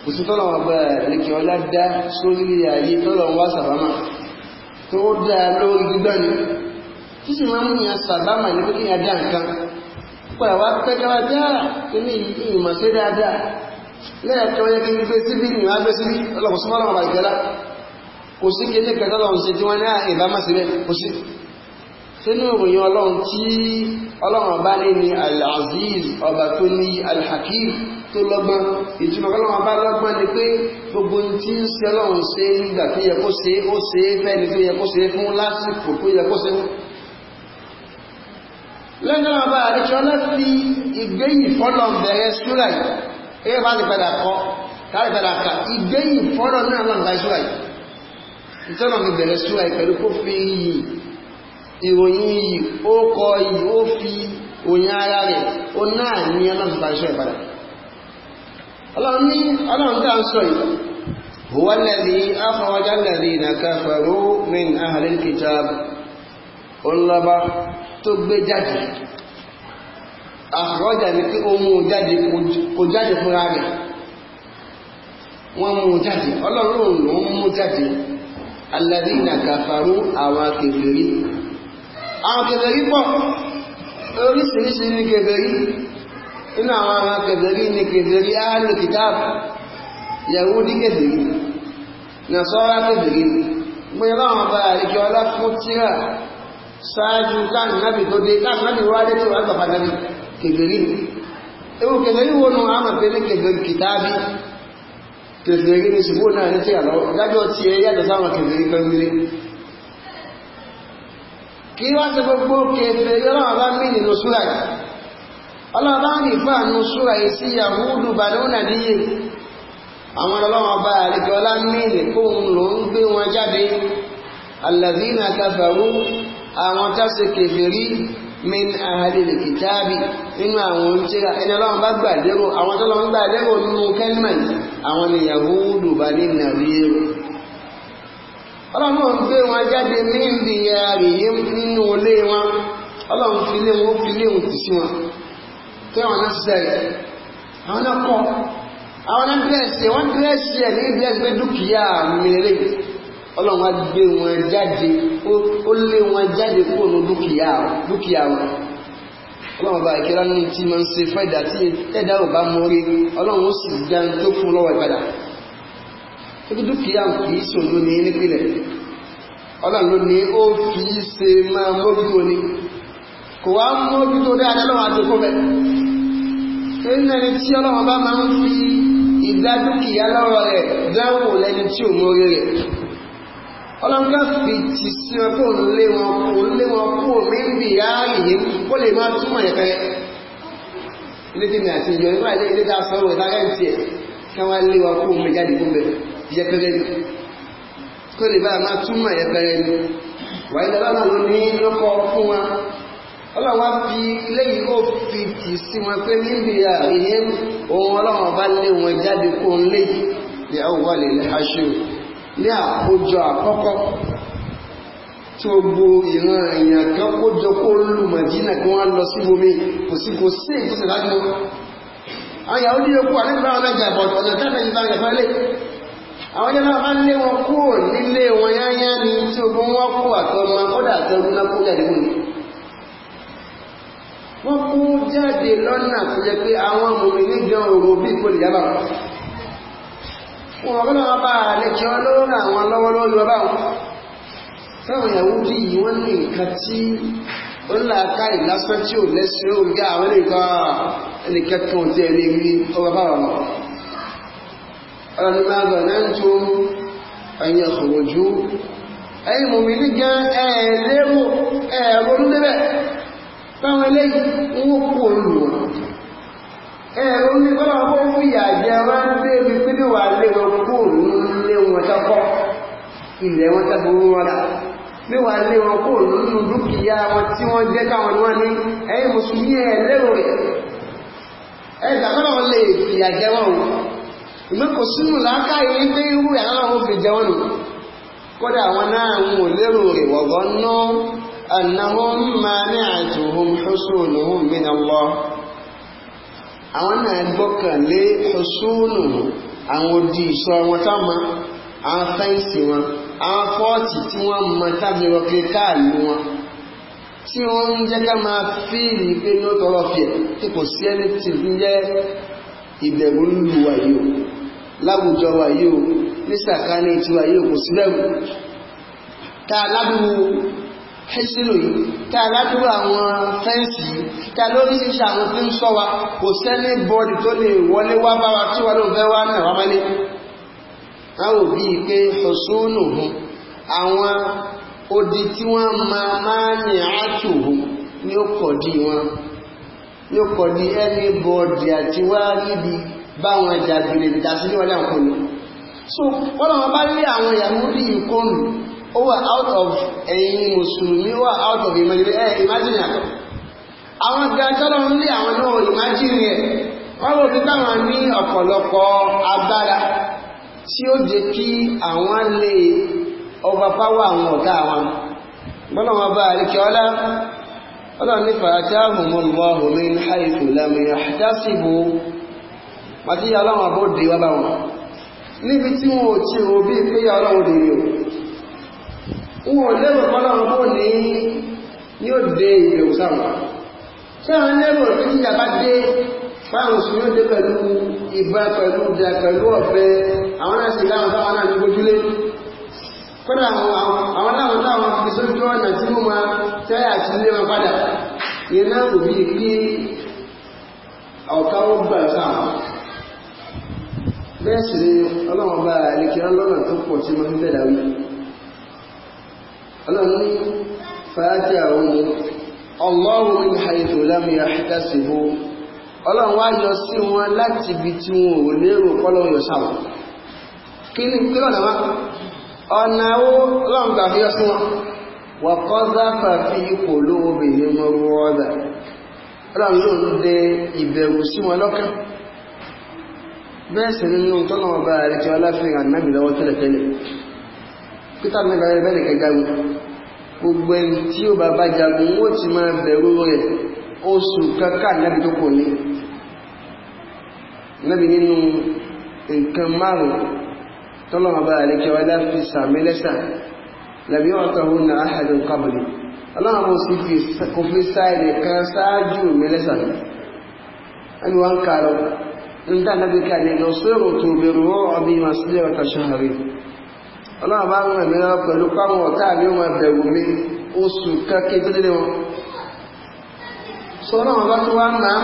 kò sí tọ́lọ́wọ́ ọba àlékè ọlá dá sórí ayé tọ́lọ́wọ́ sàbámà tó dá lórí gbígbẹ́ni tí sì máa ń mú yàn sàbámà ní pé kí yàn dá nǹkan pẹ̀lú àwọn akẹ́kọ̀ọ́ dára kí ní ìmọ̀ sí dáadáa lẹ́ẹ̀kọ́ yẹ kí n gbé síbí ni wọ́n gbé síbí ọlọ́kùnrin súnmọ́ ọlọ́run àbàjẹ́lá kò sí kí ní kẹtọ́lọ́run sí tí wọ́n ní àìbámá síbẹ̀ kò sí sínú ìròyìn ọlọ́run tí ọlọ́run bá ní ni al-aziz ọba tó ní al-hakim tó lọ́gbọ́n ìtumọ̀ ọlọ́run bá lọ́gbọ́n ni pé gbogbo tí ń ṣe ọlọ́run ṣe nígbà tó yẹ kó ṣe ó ṣe fẹ́ni tó yẹ kó ṣe fún lásìkò tó yẹ kó ṣe fún lẹ́gbẹ̀rún ọba àríkẹ́ ọlá fi ìgbéyìn fọ́lọ̀ bẹ̀rẹ̀ súrà yìí eré bá ti padà kọ́ káàrí ìròyìn yìí ó kọ yìí ó fi òyìn ara rẹ̀ ó náà ní aláàtúntà iṣẹ́ ìpadà ọlọ́run ní ọlọ́run ń sọ yìí ọlọ́ba tó gbé jáde jáde kò jáde fúnra rẹ̀ wọ́n mú jáde ọlọ́run ló àwọn kèbèrí pọ̀ oríṣiríṣi ní kèbèrí inú àwọn àwọn kèbèrí ní kèbèrí áàlù kìtàbù Yàhúdí kèbèrí Nàsárà kèbèrí gbé láwọn bá àríkẹ́ ọlá fún tíra sáájú káàkiri tó dé káàkiri wá dé tí wà gbà pàdánù kèbèrí ewu kèbèrí wo nù àmà pé ní kèbèrí kìtàbí kèbèrí ní ṣùgbọ́n kí wá ti gbogbo kẹfẹ́ yọ́lọ́wọ́ bá mí nínú súra yìí ọlọ́wọ́ bá rí fún àánú súra yìí sí yahudu balóòna díye àwọn ọlọ́wọ́ bá àríkẹ́ ọlá mí ní kóhun ló ń gbé wọn jáde alàzínà kàfàrú àwọn tásì kẹfẹ́ rí min ahadil kitabi nínú àwọn tíra ẹni ọlọ́wọ́ bá gbà àwọn tó lọ ń gbà nínú kẹ́lìmẹ̀ àwọn ni yahudu balóòna díye ọlọ́run ń gbé wọn jáde ní ìdí àríyé nínú olé wọn ọlọ́run fi lé wọn fi lé wọn sí wọn tí náà ṣiṣẹ́ rẹ̀ àwọn náà kọ́ àwọn náà ẹ̀ ní dírẹ́sì dúkìá ọlọ́run wá gbé wọn jáde ó lé wọn jáde kúrò ní dúkìá wọn ọlọ́run bá ìkẹ́lá ní ń ṣe tí ẹ̀dá ò bá tókí dúkìá kìí sùn ló ní nípìnlẹ̀ ọlọ́run ló ní ó fi í ṣe máa mójútó ni kò wá mójútó dáadáa lọ́wọ́ àdókò bẹ̀ nínú ẹni tí ọlọ́run bá máa ń fi ìdá dúkìá lọ́rọ̀ rẹ̀ dáwò lẹ́ni tí ò mórí rẹ̀ ọlọ́nkà fi ti sí wọn kó lé wọn kó lé wọn kó mi ń bì á yìí kó lè máa túmọ̀ yẹn kẹrẹ ilé tí mi àti ìjọ ìgbà ilé tá a sọ wò tá kí wọ́n lé wọn kó mi jáde fún bẹ́ẹ̀ yẹpẹrẹ ni kó lè bá a máa túmọ̀ yẹpẹrẹ ni wàyí lọ́la náà ló ní lọ́kọ̀ fún wa ọlọ́run wá fi léyìí ó fi tì sí wọn pé níbi àríyé ohun ọlọ́run bá lé wọn jáde kó ń léyìí ní ọwọ́ lè lè aṣọ ní àkójọ àkọ́kọ́ tí ó gbó ìran èèyàn kan kójọ kó lù mọ̀dínà kí wọ́n lọ sí omi kò sí kò sí ìtòsí láti mọ́ àwọn ìyàwó ní okú àníbàwọn ọlọ́jà ìbọ̀dọ̀ ọ̀dọ̀ tẹ́lẹ̀ ìbára ìbára àwọn jẹ́ náà bá lé wọn kúrò nílé wọn yányá ni tí ogun wọ́n kú àtọmọ kódà àtọrún náà kó jáde kúrò wọ́n kú jáde lọ́nà tó jẹ́ pé àwọn mòmí ní gan òru bí kò lè yábà wọn kọ́nà wọn bá lẹ́kẹ́ ọlọ́run àwọn lọ́wọ́lọ́wọ́ lọ́wọ́ ọlọ́ni máa zanantum an yakhruju ẹ̀yìn mòmìnì gan ẹ̀ẹ́lẹ́wò ẹ̀rọ níbẹ̀ báwọn eléyìí wọ́n kú olù wọn ẹ̀rọ ní kọ́lá wọ́n fún wà wọn dúkìá wọn tí káwọn ní mùsùlùmí wọn lè fìyà jẹ wọn ìgbé kò sínú làákàyè pé irú ẹ̀ aláwọ̀ fi jẹun nù kódà àwọn náà ń wò lérò àwọn náà àwọn odi ìṣọ́ wọn tá ma àwọn fẹ́ǹsì wọn àwọn fọ́ọ̀tì tí wọ́n mọ tábí rọ̀kẹ́ káàlù wọn tí wọ́n ń jẹ́ ká máa fíìlì pé ní ó tọrọ tí kò sí ẹni ń jẹ́ ìbẹ̀rù lùwà láwùjọ wa yíò ní sàkání tí wa yíò kò sílẹ̀mù ta ládùú hẹ́sìlò yìí ta ládùú àwọn fẹ́ǹsì yìí ta lórí ṣíṣe àwọn tí ń sọ wa kò sẹ́ni bọ́ọ̀dì tó lè wọlé wá bá wa tí wà ló fẹ́ wá náà wá láwò bí i pé ọ̀ṣúnù hun àwọn odi tí wọ́n máa máa ní àátù hun ni ó kọ̀ di wọn ni ó kọ̀ di ẹni bọ́ọ̀dì àti wá níbi báwọn jàgbèrè ìdásílẹ̀ ọlẹ́ ọ̀kọ́ ni so wọ́n lọ́wọ́ bá lé àwọn yahudi ìkọlù ó wà out of ẹ̀yin mùsùlùmí wà out of ìmọ̀lẹ́bí ẹ̀ imagine àtọ̀ àwọn gbàtọ́lọ́ ń lé àwọn náà imagine ẹ̀ wọ́n lọ fi táwọn ní ọ̀pọ̀lọpọ̀ agbára tí ó jẹ́ kí àwọn lè overpower àwọn ọ̀gá àwọn gbọ́nà wọn bá àríkẹ́ ọlá ọlọ́run nípa àti ààbò mọ́ lọ́wọ́ min haythu lam yahtasibu àti aláwọn àbọ̀ dè wá bá wọn níbi tí wọn ò tí wọn bí pé aláwọn dè rí o wọn ò lẹ́rọ pọ́láwọn bó ní ní ó dé ìbẹ̀wò sáwọn tí àwọn lẹ́rọ tí ìyà bá dé fáwọn sùn yóò dé pẹ̀lú ìbá pẹ̀lú ìjà pẹ̀lú ọ̀bẹ àwọn náà sì láwọn táwọn náà ní gbójúlé kódà àwọn láwọn táwọn fi sójú ọ̀nà tí mo máa tẹ́ àti ilé wọn padà ìyẹn náà kò ọ̀ká ó gbà sáwọn bẹ́ẹ̀ ni ọlọ́run bá àríkìrá lọ́nà tó pọ̀ tí mo fi bẹ́ẹ̀ dáwí ọlọ́run ní fàájì àwọn ọlọ́run ní àìtò lámì àṣítàṣìbò ọlọ́run wá yọ sí wọn láti ibi tí wọn ò lérò kọ́lọ́run yọ sáwọn na bẹ́ẹ̀ sì nínú tọ́nà ọba rẹ̀ tí aláfihàn náàbì lọ́wọ́ tẹ́lẹ̀tẹ́lẹ̀ pítà mẹ́bà rẹ̀ bẹ́ẹ̀ nìkan jagun gbogbo tiyo tí ó bá bá jagun ó ti máa kankan ọba na mo sì fi kò níta nàbí ká ní lọ sí òtò bẹ̀rù wọn ọbí ma sílẹ̀ ọ̀tà ṣọ́nàrí ọlọ́run bá ń rìn mí lọ pẹ̀lú páwọn ọ̀tá mi ó máa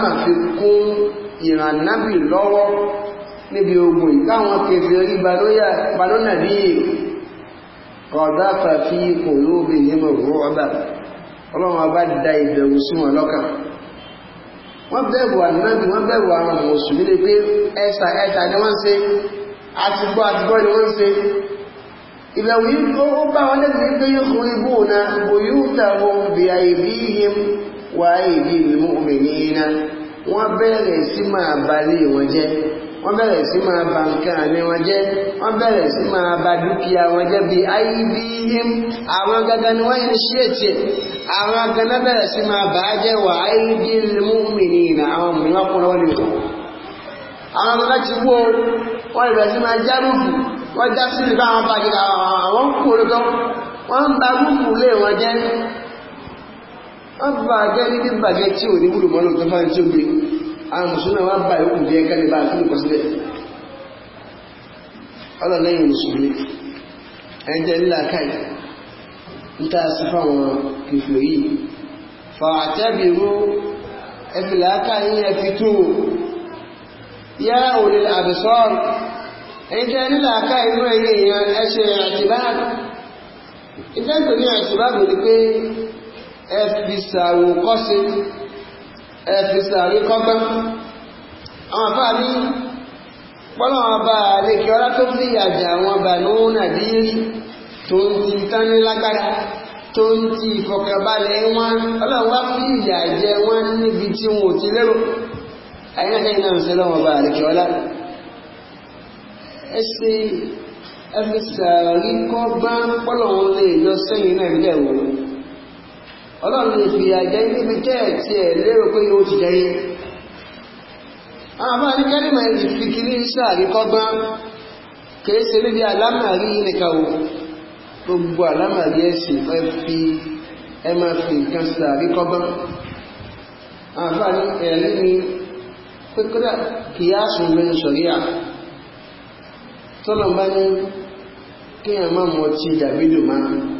sọ fi kún ìrànnábì lọ́wọ́ níbi ogun ìkáwọn kẹfẹ́ rí balónà wọ́n bẹ̀rù ànábì wọ́n bẹ̀rù àwọn mùsùlùmí lè pé ẹ̀sà ẹ̀sà ni wọ́n ṣe àtìgbọ́ àtìgbọ́ ni wọ́n ṣe ìbẹ̀wò yìí ó bá wọn lẹ́gbẹ̀ẹ́ pé yíkò ibò na bòyúta wọn bí àìbí ihim wà wọ́n bẹ̀rẹ̀ sí máa nke nǹkan àní wọn jẹ́ wọ́n bẹ̀rẹ̀ sí máa bà dúkìá wọn jẹ́ bí ibm àwọn gangan ni wọ́n yẹn ṣí ètì àwọn gangan bẹ̀rẹ̀ sí máa bà jẹ́ wà ibm na nà àwọn mìíràn ọkùnrin wọn nìkan àwọn gangan ti wó wọ́n bẹ̀rẹ̀ sí máa já rúfù wọ́n já sí ìlú àwọn bàjẹ́ àwọn kú olùkọ́ wọ́n ń bà rúfù lé wọn jẹ́ wọ́n bàjẹ́ àwọn mùsùlùmí wá bá yóò kùn díẹ̀ kẹ́lẹ̀ bá fún nǹkan sílẹ̀ ọlọ́lẹ́yìn mùsùlùmí ẹjẹ́ ńlá káì ń tà sí fáwọn kìfò yìí fàtẹ́bìrú ẹfìlà káì yẹ ti tó yá òlè àbẹ̀sọ́rù ẹjẹ́ ńlá káì inú ẹ̀yẹ èèyàn ẹṣẹ́ àtìbáàbù ìjẹ́ ẹ̀fì sàárì kọ́pẹ́ àwọn àfáà ní pọ́lọ́wọ́n bá lékè ọlá tó fi àjà àwọn bàánú nàìjírí tó ń ti tání lágbára tó ń ti ìfọ̀kànbalẹ̀ wọn ọlọ́run wá fi ìyà jẹ wọn níbi tí wọn ò ti lérò àyíkẹ́kẹ́ iná ń sẹ lọ́wọ́ bá lékè ọlá ẹsẹ̀ ẹfì sàárì kọ́ bá pọ́lọ́wọ́n lè lọ sẹ́yìn náà ọlọ́run lè fi àjẹ́ níbi kẹ́ẹ̀tì ẹ̀ lérò pé yóò ti jẹ́yé àwọn àbáyé kẹ́rìmọ̀ ẹ̀rì fi kiri iṣẹ́ àríkọ́gbọ́n kìí ṣe níbi alámàrí nìkan o gbogbo alámàrí ẹ̀sìn fẹ́ fi ẹ máa fi nǹkan ṣe àríkọ́gbọ́n àǹfààní ẹ̀rí ni pé kódà kì í àṣùn mi sọ̀rí à tọ́lọ̀ bá ní kéèyàn má mọ̀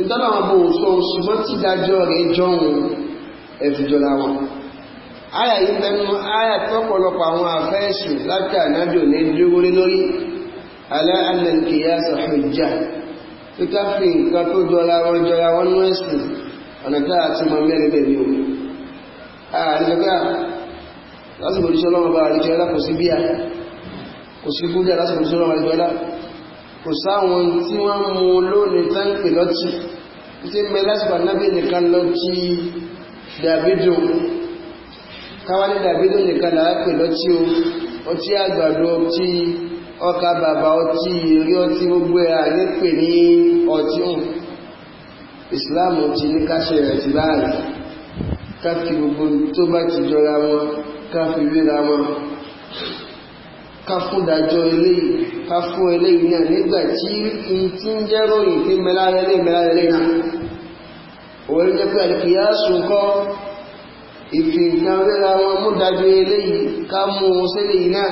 nítorí àwọn ọmọ òṣùwọ̀n ṣùgbọ́n tí ìdájọ́ rẹ̀ jọun ẹ̀fìjọra wọn àyà yìí mẹ́nu àyà tọ́pọ̀lọpọ̀ àwọn àfẹ́ẹ̀sù láti ànábìò ní dúrórí lórí aláàlẹ́kìyà sọ̀hìjà tó káfí nǹkan tó jọra wọn jọra wọn ní ẹ̀sìn ọ̀nà tá àti mọ mẹ́rin bẹ̀rẹ̀ o àrígbà lásìkò ìṣọ́lọ́wọ́ bá àríjọ́ ẹlá kò sí bíà kò sí kúrò kò sáwọn tí wọ́n mú lónìí táǹkì lọ́tí tí mẹ́ lásìkò ànábì nìkan lọ tí dàbídò káwá ní dàbídò nìkan làápè lọ́tí o ọtí àgbàdo ọtí ọkà bàbà ọtí ìrí ọtí gbogbo ẹ̀ ànípè ní ọtí hùn ìsìláàmù ti ní káṣẹ rẹ̀ ti báyìí káfí gbogbo tó bá ti jọra wọn káfí ríra wọn ká fún ìdájọ́ eléyìí ká fún eléyìí náà nígbà tí n ti ń jẹ́ ròyìn tí mẹ́lára lé mẹ́lára lé náà òun jẹ́ pé àdìkìyà sùn kọ́ ìfi nǹkan ríra wọn mú dájú eléyìí ká mú un sílé iná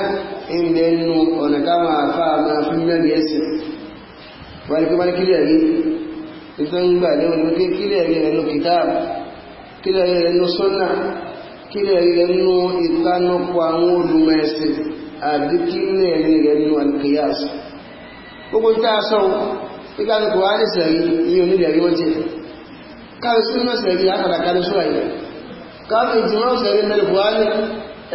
ìbẹ̀ nù ọ̀nà táwọn àfá máa fi ni pé wọ́n kílẹ̀ rí ìtọ́ ń kí lè rí rẹ̀ nú ìtànàpọ̀ àwọn olùmọ̀ ẹ̀sìn àbí kí lè rí rẹ̀ nú àlùkìyàsì gbogbo tá a sọ nígbà tó kò wá ní sẹ̀rí ní onílẹ̀ rí wọ́n jẹ́ káàrí sí náà sẹ̀rí látàdàkà ní ṣúra ilẹ̀ káàrí ìjìmọ̀ sẹ̀rí mẹ́lẹ̀ buhari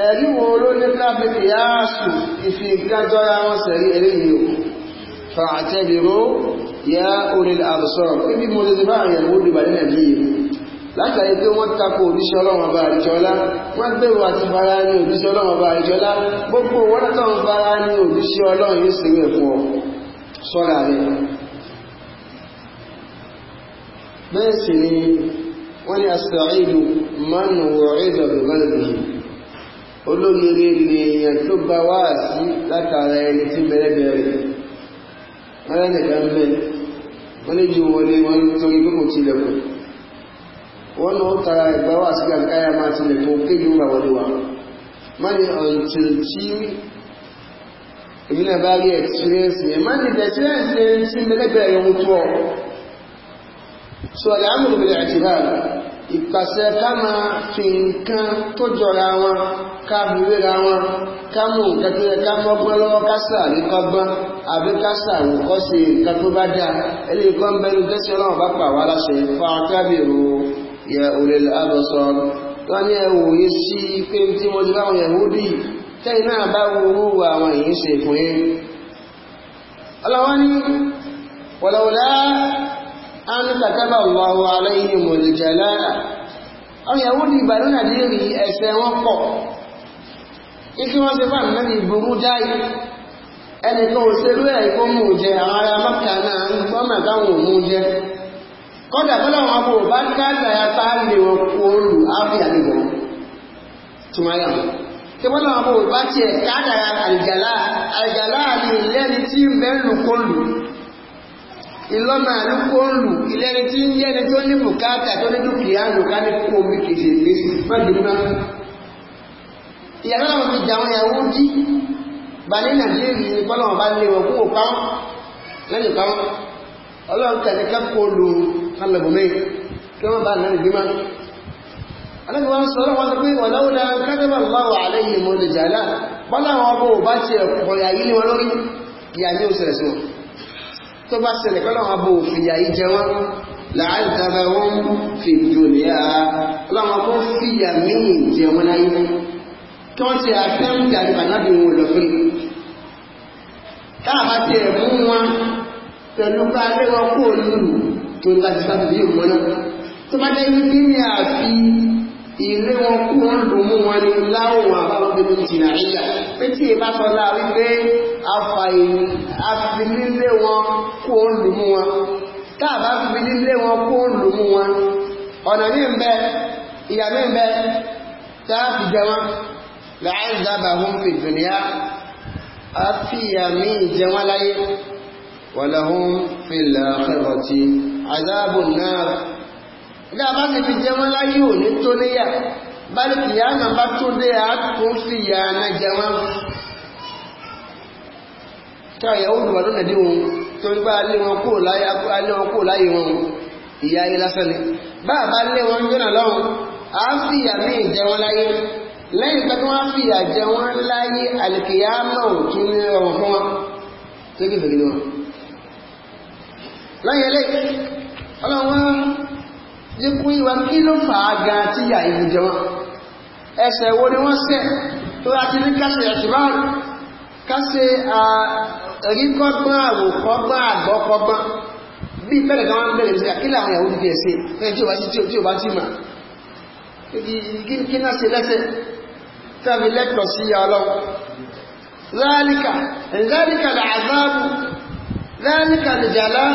ẹ̀rí wo ló ní káàrí kìyàsù ìfi ìgbàjọ́ra wọn sẹ̀rí eré yìí fàtẹ́bìró yá orí àbùsọ̀rọ̀ ibi mo ti ti bá àyẹ̀wò dìbà nílẹ̀ yìí látàrí pé wọ́n tako òdíṣẹ́ ọlọ́run ọba àríjọlá wọ́n gbèrò àti fara ní òdíṣẹ́ ọlọ́run ọba àríjọlá gbogbo wọ́n tó ń fara ní òdíṣẹ́ ọlọ́run yìí sí rẹ̀ sọ́ra rẹ̀ bẹ́ẹ̀ sì ni wọ́n ni asàrídù mọ́nù wọ̀rídọ̀ bẹ̀rẹ̀ ni èèyàn tó bá wá sí látara ẹni tí wọ́n lè ju wọlé wọn torí pé kò tilẹ̀kùn wọ́n náà tara ẹgbà wà sí gàǹkáyà máa ti lè fún kéjì ń bà wọlé wa má ní ọ̀tìl tí èmi náà bá rí experience yẹn má ní experience yẹn sí mẹ́lẹ́gbẹ̀ẹ́ yẹn tó ọ̀ so àlàámùlù bẹ̀rẹ̀ àti rà ìpàṣẹ ká máa fi nǹkan tó jọra wọn ká buwéra wọn ká mú nǹkan tó yẹ ká mọ́gbọ́n lọ́wọ́ ká sàrí kọ́gbọ́n àbí ká sàrò kọ́ sí nǹkan tó bá dáa ẹlẹ́yìn kan bẹ́ẹ̀ ní tẹ́sí ọlọ́run bá pàwọ́ aláṣẹ fún akábìrò yẹ òlè àbọ̀sọ wọ́n ewu ẹwù yìí sí mo ti bá wọn yẹ̀wò dì tẹ́yìn náà bá wo owó an kàtàbà lọ́wọ́ aláyé mọ̀lẹ̀jẹ̀lá àwọn yẹ̀wò dì ìbàdàn nàìjírí ẹsẹ̀ wọn pọ̀ ikú wọn ti bá nàbì burú jáì ẹnìkan òṣèlú ẹ̀ kó mú jẹ àwọn ará mọ́kà ń gbọ́mọ̀ táwọn òun jẹ kọ́dà bọ́lá wọn kò bá dáadáa ya tá lè wọn kó olù áfíà lè wọn tí wọ́n yà wọn tí bọ́lá wọn kò bá tiẹ̀ kádàrà àlìjàlá àlìjàlá ni ìlẹ́ni tí ń bẹ́ lù kó lù ìlọ́nà àlùkò ń lù ìlẹ́ni tí ń yẹ́ni tó ní bùkátà tó ní dúkìá lù ní kó omi kìí ṣe gbẹ́gbẹ́ ìyàrá lẹ́yìn pa ọlọ́run tẹ̀lé kẹ́kọ̀ọ́ lòun kálọ̀bùnmí kí wọ́n bá náà gbímá alẹ́gbẹ̀wá ń sọ́rọ̀ wọn pé wà láwọ́dá ń kádẹ́bà láwọ̀ àlẹ́yìn mọ́ lè jàlá bọ́lá àwọn ọmọ ò bá ti ẹ̀kọ́ yàyí ní wọn lórí ìyà ní òṣèlẹ̀ sí wọn tó bá ṣẹlẹ̀ pẹ́lú àwọn abò òfin yàyí jẹ wọn láàrínkàbà wọn fi ti àtẹ́ǹtì wọn pẹ̀lú bá lé kó lùlù tó ń tàbí sábìlì yìí wọn náà tó bá jẹ́ wípé ní àfi ilé wọn kú wọn lò mú wọn ni láwọn àbáwọn pé ní jìnnà níjà pé tí èèyàn bá sọ náà wípé àfi nílé wọn kú wọn lò mú wọn tá fi nílé wọn kú wọn lò mú wọn ọ̀nà ní ń ìyà ní ń tá a fi jẹ wọn làá ń dábàá hún fi ìyà míì jẹ wọn láyé ولهم في الآخرة عذاب النار ìdá bá ti fi jẹ wọ́n láyé òní tó léyà bá ní kìyà náà bá tó dé àtún fi yà náà jẹ wọ́n tí a yàwó olùwà lónà dí wọn tó ń gbá alé wọn kúrò láyé wọn ìyá ayé lásán ni bá bá lé wọn jọ́nà lọ́wọ́ a ń fi yà ní ìjẹ wọn láyé lẹ́yìn tó wọ́n fi yà jẹ wọn láyé àlìkìyà náà tún ní ọmọ fún wọn tó kí fèrè wọn lẹ́yìn eléyìí ọlọ́run wá jẹ́ kú ìwà kí ló fà á gan tí ìyà ìlú jẹ wọn ẹsẹ̀ wo ni wọ́n ṣẹ̀ tó láti ní kásẹ̀ ẹ̀sùn báyìí kásẹ̀ ríkọ́gbọ́n àwòkọ́gbọ́n àgbọ́kọ́gbọ́n bí bẹ́ẹ̀ kan wá ń bẹ̀rẹ̀ sí àkílà àwọn ìyàwó ذلك ذلك العذاب ذلك الجلاء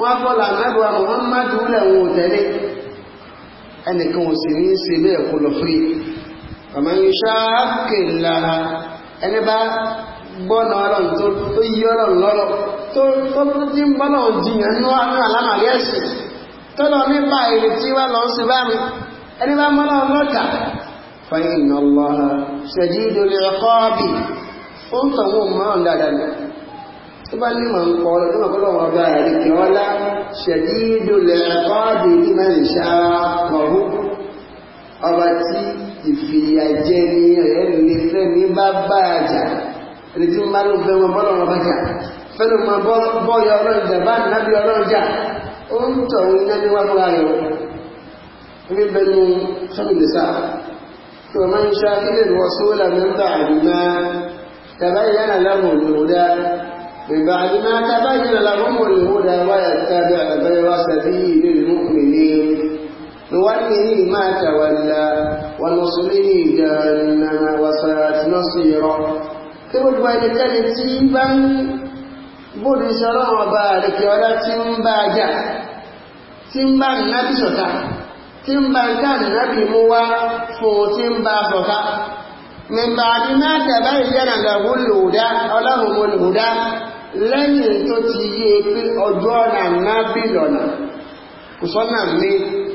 wọ́n bọ́lá anábíwá Muhammadu lẹ́wọ̀n òtẹ́lẹ̀ ẹnìkan ò sì ní ṣe bẹ́ẹ̀ kó lọ fún yìí ọmọ ìṣá kèlà ẹni bá gbọ́nà ọlọ́run tó yí ọlọ́run lọ́rọ̀ tó tí ń bọ́lọ̀ jìyàn ní wọ́n ní àlámàrí ẹ̀sìn tó tí ń tọ̀wọ́ mọ́ tó bá ní màá ń kọ́ ọ lọ́dún ọ̀pọ̀lọpọ̀ wọn bá rẹ̀ kí wọ́n lá ṣẹ̀dí ìdólẹ̀ ọ̀ọ́dì ìmẹ̀rin ṣàkọ̀ọ́hún ọba tí ìfìyàjẹni rẹ̀ lè fẹ́ ní bá bá a jà ẹni tí ń bá ló fẹ́ wọn bọ́lọ̀ wọn bá jà fẹ́lú ma bọ́yọ ọlọ́run jà bá nàbí ọlọ́run jà ó ń tọ̀ ń nábí wá fúnra rẹ̀ ní bẹnu sọ́mìlìsà tí wọ́n máa ń ṣá ilé ìwọ̀sọ́wọ́lá ní ń tà àdúgbà tàbá ìyá من بعد ما تبين لهم الهدى ويتبع غير سبيل المؤمنين نوله ما تولى ونصله جهنم وساءت مصيرا كل الوالدين تيبا bóde ṣe ọlọ́run ọba àrẹ́kẹ́ ọlá tí ń bá ajá tí ń bá nàbí ṣọ̀tá tí ń bá ká nàbí mú wá fún tí ń bá fọ̀ká mẹ́mbà àti náà tẹ̀bá ìjẹ́nà lọ́wọ́ lòdá ọlọ́run mo lòdá lẹ́yìn tó ti yé pé ọjọ́ ọ̀nà náàbì lọ́nà kò sọ́nà mi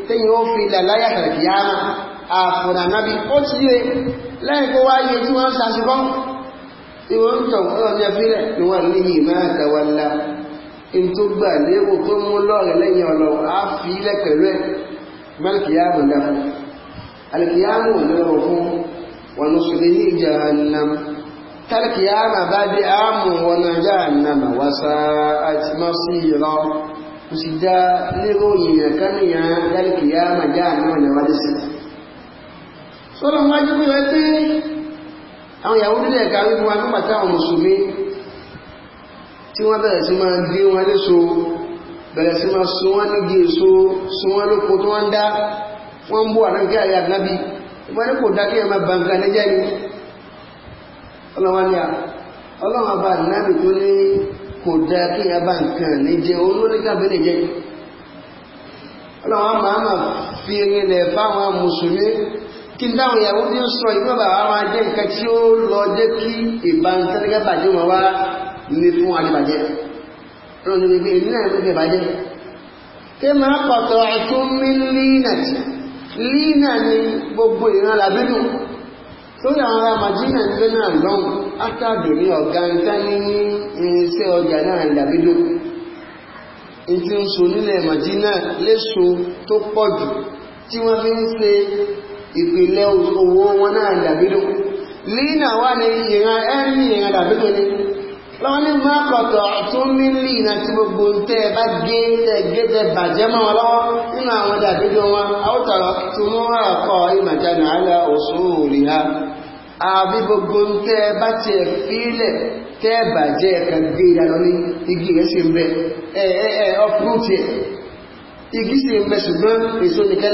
tẹ́yìn ó fi lẹ́láyà kàrìkìyàmà àfọ̀nà náàbì ó ti yé lẹ́yìn kó wá yé tí wọ́n ń sàṣùgbọ́n ìwọ̀n tàn ọ̀rọ̀ fílẹ̀ ni wọ́n ní ìmá in tó gbà lérò tó mú lọ́rẹ̀ lẹ́yìn ọlọ́run á fi ilẹ̀ mẹ́lìkìyàmù dáfún alìkìyàmù lọ́rọ̀ fún wọn ní tálkìyàmà bá dé áàmù wọnà jahannama wasa àti masira kò sì dá níròyìn ẹ̀kánìyàn tálkìyàmà jahannama lẹ́wàdí sí sọ́lọ́ wájú pé wẹ́pẹ́ àwọn ìyàwó nílẹ̀ ẹ̀ka wípé wọn nígbà táwọn mùsùlùmí tí wọ́n bẹ̀rẹ̀ sí máa gé wọn léso bẹ̀rẹ̀ sí máa sun wọn nígi èso sun wọn lóko tó wọ́n dá wọ́n ń bó àdánkẹ́ àyà àgbábí ìgbà ní kò dá kí ẹ̀ máa bàǹkà níjẹ́ ni ọlọ́wọ́n ni ọlọ́wọ́n abá nàbì tó ní kò dáa kí ìyá bá nǹkan níjẹ òun ló ní kábí níjẹ ọlọ́wọ́n máa máa fi rinlẹ̀ fáwọn mùsùlùmí kí n dáhùn ìyàwó ní sọ ìgbọ́bà wa máa jẹ́ nǹkan tí ó lọ jẹ́ kí ìbánisẹ́lẹ́gẹ́ bàjẹ́ wọn wá ní fún adébàjẹ́ ọlọ́wọ́n ní bíbí èmi náà ń bàjẹ́ kí máa pàtó àìtó mí línà línà ni gbogbo ìran làbínú lórí àwọn ará madina nílé náà lọ́hùn átàdù ní ọ̀gá ìta ní irinṣẹ́ ọjà náà ìdàbídò in ti nílẹ̀ madina léṣo tó pọ̀ jù tí wọ́n fi ń ṣe ìpìlẹ̀ owó wọn náà ìdàbídò lina wà ní ìran ìran ni lọ́wọ́ ní tó ní lina gbogbo tẹ́ bá gé tẹ́ gé tẹ́ bàjẹ́ mọ́ wọn lọ́wọ́ nínú àwọn wọn àwòtàrọ̀ àbí gbogbo ń tẹ́ bá ti ẹ̀ fílẹ̀ tẹ́ bàjẹ́ ẹ̀kà gbé ìdàlọ́ e igi rẹ̀ sí mbẹ́ ẹ̀ẹ́ ọkùnrùtì igi sí mbẹ́ ṣùgbọ́n èso nìkan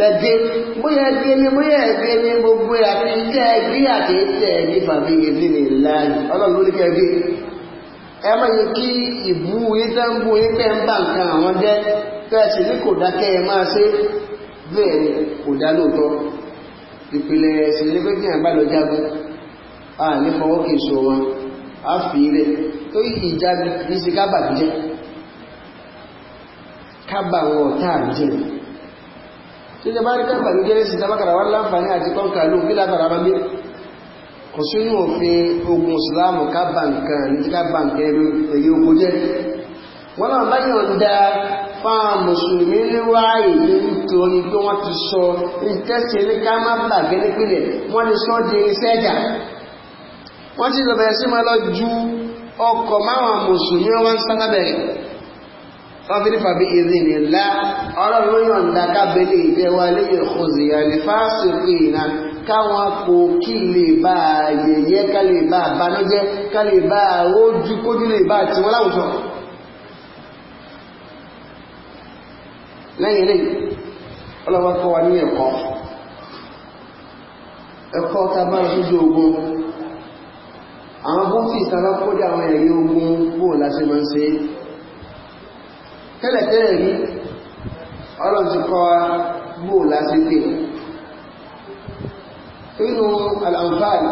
lẹ́gbẹ́ bóyá ẹgbẹ́ ní bóyá ẹgbẹ́ ní gbogbo àti tẹ́ ẹgbẹ́ àti tẹ́ ẹgbẹ́ ń ń nǹkan àwọn ní kò dákẹ́ máa ṣe bẹ́ẹ̀ ni kò dá lóòótọ́ ìpìlẹ̀ ìṣẹ̀lẹ̀ pé lọ a ní fọwọ́ kì í so wọn a fi ilẹ̀ tó yí ìjagun kì í ṣe kábà jẹ́ kábà wọn ọ̀tá jẹ́ tí ó bá rí kábà ní gẹ́rẹ́sì tábàkàrà wá láǹfààní àti ló bá bí kò òfin ogun ìsìláàmù kábà nǹkan ní kábà nǹkan ogun fáwọn mùsùlùmí níwáyé nítorí pé wọ́n ti sọ ìtẹ́sílẹ̀ ká má gbàgbé nípìnlẹ̀ wọ́n ni sọ di irinṣẹ́ ẹ̀jà wọ́n ti lọ bẹ̀rẹ̀ sí máa lọ ju ọkọ̀ máwọn mùsùlùmí wọn sátábẹ̀rẹ̀ wọ́n fi ní fàbí ìrìn ìlà ọlọ́run ló yọ̀ǹda kábẹ́lẹ̀ ìjẹwà lẹ́yìn òkòzì àlìfáàsìkò ìná káwọn kò kí lè bá yẹ̀yẹ́ ká lè bá banújẹ́ lẹ́yìn lẹ́yìn ọlọ́wọ́ kọ́ wa ní ẹ̀kọ́ ẹ̀kọ́ ta bá lọ́sójú ogun àwọn bó tí ìsára kó dé àwọn ẹ̀rí ogun bó láṣẹ mọ́ sí tẹ́lẹ̀tẹ́lẹ̀ rí ọlọ́n ti kọ́ wa bó láṣẹ pé inú al-Anfal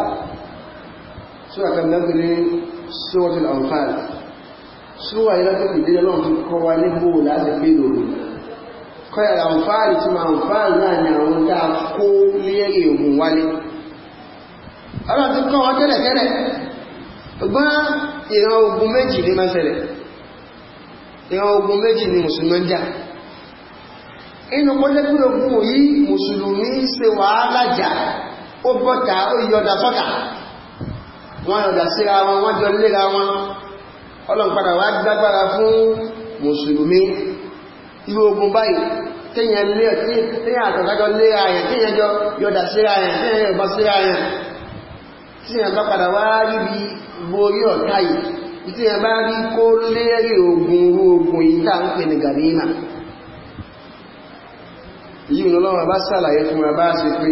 sura kan lọ́gbìn ní suratul Anfal sura ilẹ̀ ti kọ́ wa ní bó láṣẹ pé lòrùn kọ́yà àǹfààní tí ma àǹfààní náà ni àwọn dáa kó lé èèmù wálé ọlọ́run ti kọ́ wọn tẹ́lẹ̀ tẹ́lẹ̀ ṣùgbọ́n ìran ogun méjì ní máa ìran ogun méjì ni mùsùlùmí ń jà inú pọ́lẹ́pẹ́ ogun yìí mùsùlùmí ṣe wàhálà jà ó bọ́ta ó yọ̀dà sọ́tà wọ́n yọ̀dà síra wọn mùsùlùmí irú ogun báyìí téèyàn lé ọtí téèyàn àtọ̀kájọ léra yẹn téèyàn jọ yọ̀dà síra yẹn téèyàn yọ̀bọ síra yẹn tíyàn bá padà wá ríbi borí ọ̀tá yìí tíyàn bá rí kó lérí ogun irú ogun yìí tá à ń pè ní gàmínà yìí ní ọlọ́run bá sàlàyé fún wa bá ṣe pé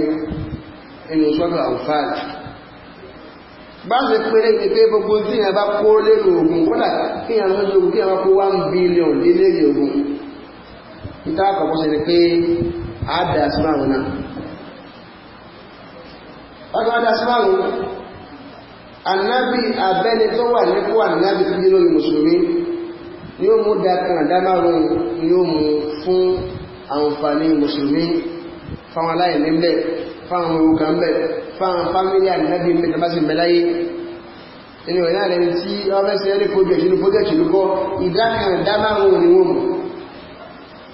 ẹnu sọ́dọ̀ àwùfáàlì bá ṣe pé lè pé gbogbo tíyàn bá kó lérí ogun kódà kíyàn lójú ogun kíyàn bá kó 1 bílíọ̀n lérí ogun níta àkọ́kọ́ ṣe ni pé a dà sí márùn náà ọdún adá sí márùn anábì abẹ́ni tó wà nípò anábì tó jẹ́ lórí mùsùlùmí ni ó mú dákan àdá márùn ni ó mú fún àǹfààní mùsùlùmí fáwọn aláìní mbẹ fáwọn orúkà mbẹ fáwọn fámílì ànábì mbẹ tó bá sì mẹ́láyé inú ìlànà ẹni tí ọbẹ̀ sí ẹni project inú project lókọ́ ìdákan àdá ni wọ́n mú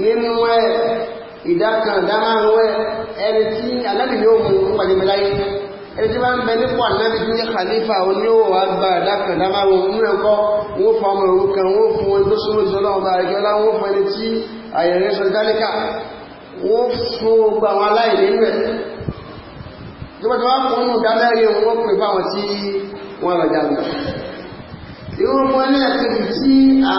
nínú ẹ̀ ìdákan ìdámárùn ẹ̀ ẹni tí alábì yóò mú pàdébẹ̀láyé ẹni tí bá ń bẹ nípò ànábì tí ní khalifa oní ó wà gba ìdákan ìdámárùn nínú ẹ̀kọ́ wọ́n fọ ọmọ òun kan wọ́n fún ẹni tó súnmọ́ ìṣọ́lá ọba àríkẹ́lá wọ́n fún ẹni tí àyẹ̀rẹ́ sọ dálíkà wọ́n fún gbogbo àwọn aláìní rẹ̀ ìjọba tó wá fún ọmọ ìdálẹ́rẹ́ wọn pè tí wọ́n rẹ̀ jàǹdà irú wọn náà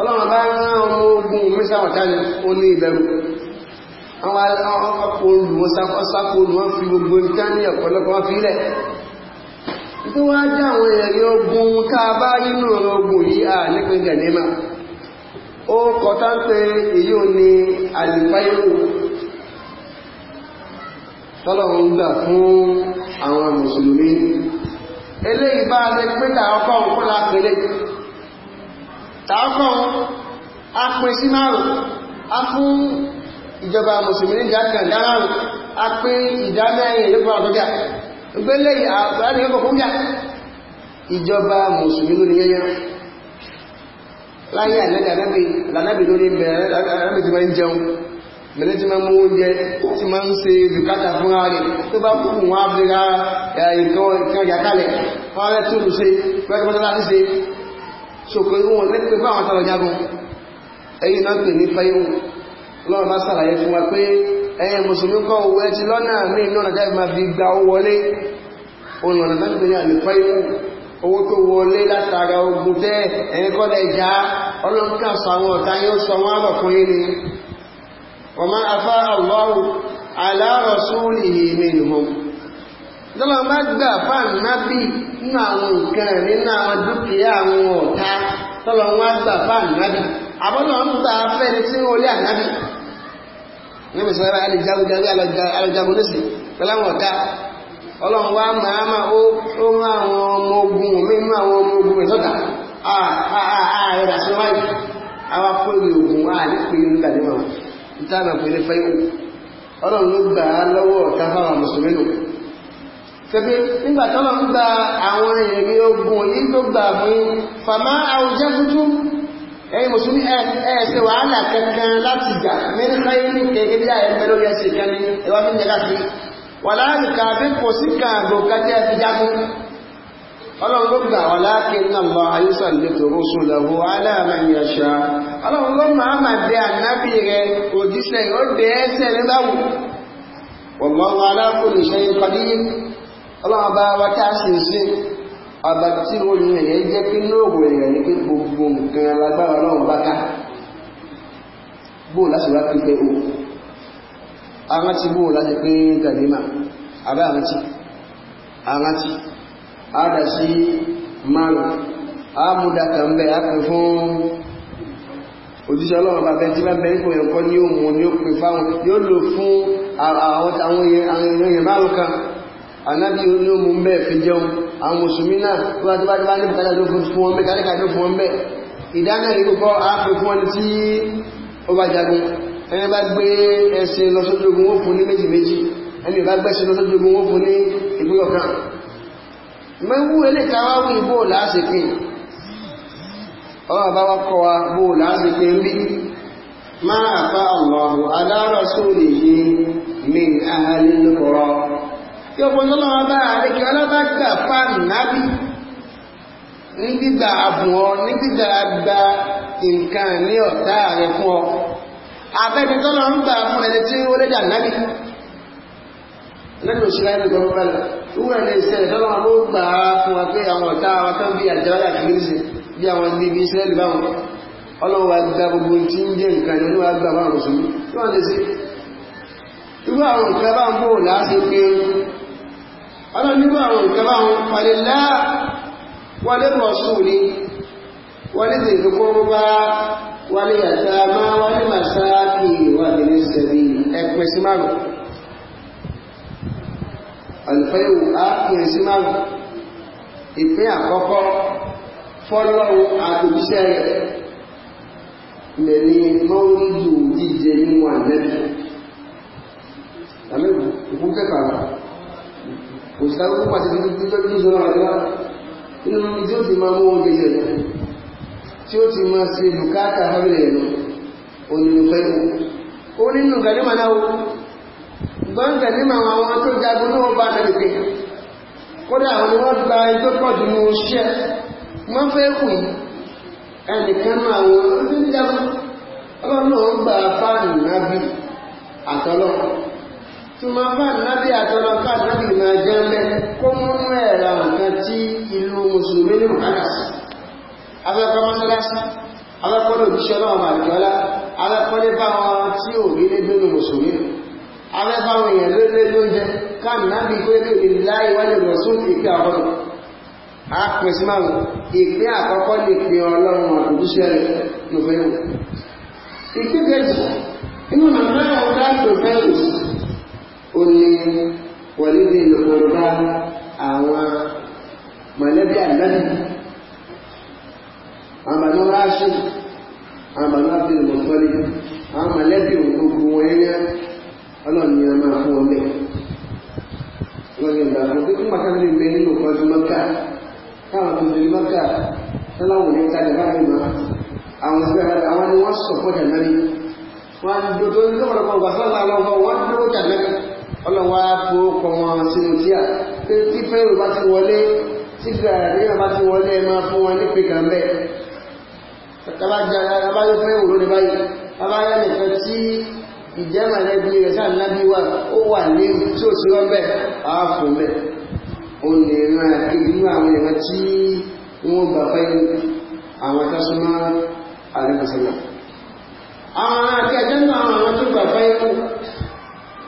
ọlọ́run bá rán ọmọ ogun mẹ́sàmọ̀tálẹ̀ ó ní ìbẹ̀rù àwọn ọkọ̀ olùwọ́n sápọ̀ fi gbogbo ìtání ọ̀pọ̀lọpọ̀ fi tó wá já àwọn èèyàn ogun bá ogun yìí à gẹ̀nẹ́mà ó èyí ò ní a tààkùn apin sí márùn a fún ìjọba mùsùlùmí ní ìdákan dáràn apin ìdámẹ́rin ìlú fún àtọ́gà ìjọba mùsùlùmí ló ní yẹyẹ láyé àlẹ́gàdábì lànàbì lórí bẹ̀rẹ̀ tí na ń jẹun mẹ́lẹ́ tí máa mú oúnjẹ tí máa ń ṣe bùkátà fún ara tó bá wọn ṣòkò wọn lẹ́gbẹ̀ẹ́ fún àwọn àtàwọn ẹ̀yìn náà pè ní fẹ́yìn lọ́wọ́ bá sàlàyé fún wa pé ẹ̀yìn mùsùlùmí kọ́ owó ẹ lọ́nà míì náà dáì fi gba owó wọlé olùrànà tọ́lọ́ bá gbà fáànù nábì nínú àwọn nǹkan nínú àwọn dúkìá àwọn ọ̀tá tọ́lọ́ wọn gbà na nábì ń tí ó lé ànábì níbi sọ́ra alìjagunjagun alọ́jagun nísì pẹ̀láwọn ọ̀tá ọlọ́run wá máa máa ó rán àwọn ọmọ ogun àwọn ọmọ ogun rẹ̀ ààrẹ dà sí wáyé ogun wa ní tẹ̀bí nígbà tọ́nà ń gba àwọn èrè ogun yìí tó gbà fún fàmá àwùjẹ́ fújú ẹ̀yìn mùsùlùmí ẹ̀ẹ́sẹ̀ wàhálà kankan láti jà mẹ́rìnlá yìí ní kẹ̀kẹ́ bí ayẹ́ pẹ̀lú ẹ̀ṣẹ̀ kan ní ẹwà fi jẹ́ káàkiri wà láàrín kàbí kò sí kààbò kájẹ́ fi jágún ọlọ́run ló gbà wà láàkín náà lọ àyíṣà lè tòrò ọlọ́run bá wá tá a sì ń ṣe ọba tí ròyìn ẹ̀yẹ jẹ́ pé lóògùn èèyàn ní pé gbogbo nǹkan lágbára ọlọ́run bá ká bóò láti wá pípẹ́ o arántí bóò láti pé gàdímà abẹ́ arántí arántí àádà sí márùn àmúdà kan bẹ́ẹ̀ á pè fún òjíṣẹ́ ọlọ́run bàbẹ́ tí bá bẹ́ẹ̀ pòyàn kọ́ ní òun ní ó pè fáwọn yóò lò fún àwọn èèyàn márùn kan anábí ní ó mú mẹ́ fi jẹun àwọn mùsùlùmí náà tó bá tó bá ní bùkátà ló fún wọn bẹ́ káríkà ló fún wọn bẹ́ ìdáná rí púpọ̀ áfẹ́ fún ẹni tí ó bá jagun ẹni bá gbé ẹṣin lọ sójú ogun ó fún ní méjì méjì ẹni bá gbẹ́ṣin lọ sójú ogun ó fún ní ìpínlẹ̀ kan mẹ́wú eléka wá wí bó láásìkè ọ̀rọ̀ bá wá kọ́ wa bó láásìkè ń bí máa fa Allahu ala rasulihi min ahli al tí ọgbọ́n tó lọ́wọ́ bá àríkẹ́ ọlọ́bàgbà fáàmì nábì ní gbígbà àbùn ọ ní gbígbà gba nǹkan ní ọ̀tá rẹ̀ fún ọ abẹ́ni tó lọ́wọ́ ń gbà fún ẹni tí ó lédà nábì lẹ́nu òṣìlá ẹni gbọ́n bá lọ wúwo ẹni ìṣẹ̀lẹ̀ tó lọ́wọ́ ló gbà fún wa pé àwọn ọ̀tá wa tán bí àjẹ́wálà kìrìsì bí àwọn bíbí ìṣẹ́lẹ̀ báwọn ọlọ́wọ́ wa gba gbogbo tí ń jẹ́ nǹkan ní wọ́n gbà báwọn òṣèlú tí àwọn nǹkan bá bò láti ọlọ́nìrú àwọn nǹkan bá wọn pàlélá wọlé mọ̀sùn ní wọlé tèkókóróbá wọlé yàtà máa wọlé màsáàkì wọlé ní sẹ̀bí ẹgbẹ̀ sí márùn alfẹ́wò ápìyàn sí márùn ìpín àkọ́kọ́ fọ́lọ́wọ́ àtòjíṣẹ́ rẹ̀ kò sáré púpà sí títọ́ bí ìṣòro àdúrà inú tí ó ti máa mú oúnjẹ jẹ lọ tí ó ti máa ṣe onínú ó nínú náà gbọ́n àwọn tó jagun náà bá tẹ̀lé pé kódà àwọn ni wọ́n gba ẹjọ́ pọ̀ jù oṣiṣẹ́ wọ́n fẹ́ kù ẹnìkan náà àwọn jagun ọlọ́run náà gba tí ma bá nábí àtọ́lọ káàkiri máa jẹ́ mẹ́ kó múnú ẹ̀rà nǹkan tí ìlú mùsùlùmí ní bùkátàsì abẹ́kọ́ mọ́sálásí abẹ́kọ́ lè bíṣẹ́ náà màrìkọ́lá abẹ́kọ́ lè bá wọn tí ò rí lé dúnú mùsùlùmí abẹ́kọ́ àwọn èèyàn ló lé lóúnjẹ káàmì nábì pé lè rí láì wálé lọ sún ìpín àkọ́kọ́ àpèsí márùn ìpín àkọ́kọ́ lè pín ọlọ́run àtòjíṣẹ́ rẹ̀ lófẹ́ ìpín kejì inú nàìjíríà ọ̀dà lófẹ́ ìsìn ó ní wọlébí lòkòrò bá àwọn mọ̀lẹ́bí ànábì àwọn bàbá ráṣù àwọn bàbá bí lòmọ̀tọ́lé àwọn mọ̀lẹ́bí òun gbogbo wọn yẹn ọlọ́run ni a máa fún wọn bẹ́ẹ̀ lọ́yìn ìgbà tó kí pàtó lè gbé nínú ọdún mọ́kà káwọn tó lè mọ́kà tọ́láwọn ní ká lè báyìí máa àwọn ìgbà rẹ̀ àwọn ni wọ́n sọ̀pọ̀ jàndánì wọ́n á dúró tó ń tọ́pọ̀lọpọ̀ gbàsọ́lá lọ́wọ́ wọ́n dúró jàndánì ọlọ́wọ́ gbóòkọ wọn sínú tíà pé tí fẹ́rù bá ti wọlé tí gbàràníyàn bá ti wọlé ẹ máa fún wọn ní pé kàn bẹ́ẹ̀ abájọ́ fẹ́rù lónìí báyìí abájọ́ nìkan tí ìjẹ́mọ̀lẹ́bí rẹ̀ sáà nábí wà ó wà ní tí ò sí wọ́n bẹ́ẹ̀ àáfò bẹ́ẹ̀ ó lè ran ìdínú àwọn ìran tí wọ́n gbà fẹ́ àwọn tásúmọ́ àrẹ́bùsọ̀lá àwọn akẹ́jẹ́ náà àwọn tó gbà fẹ́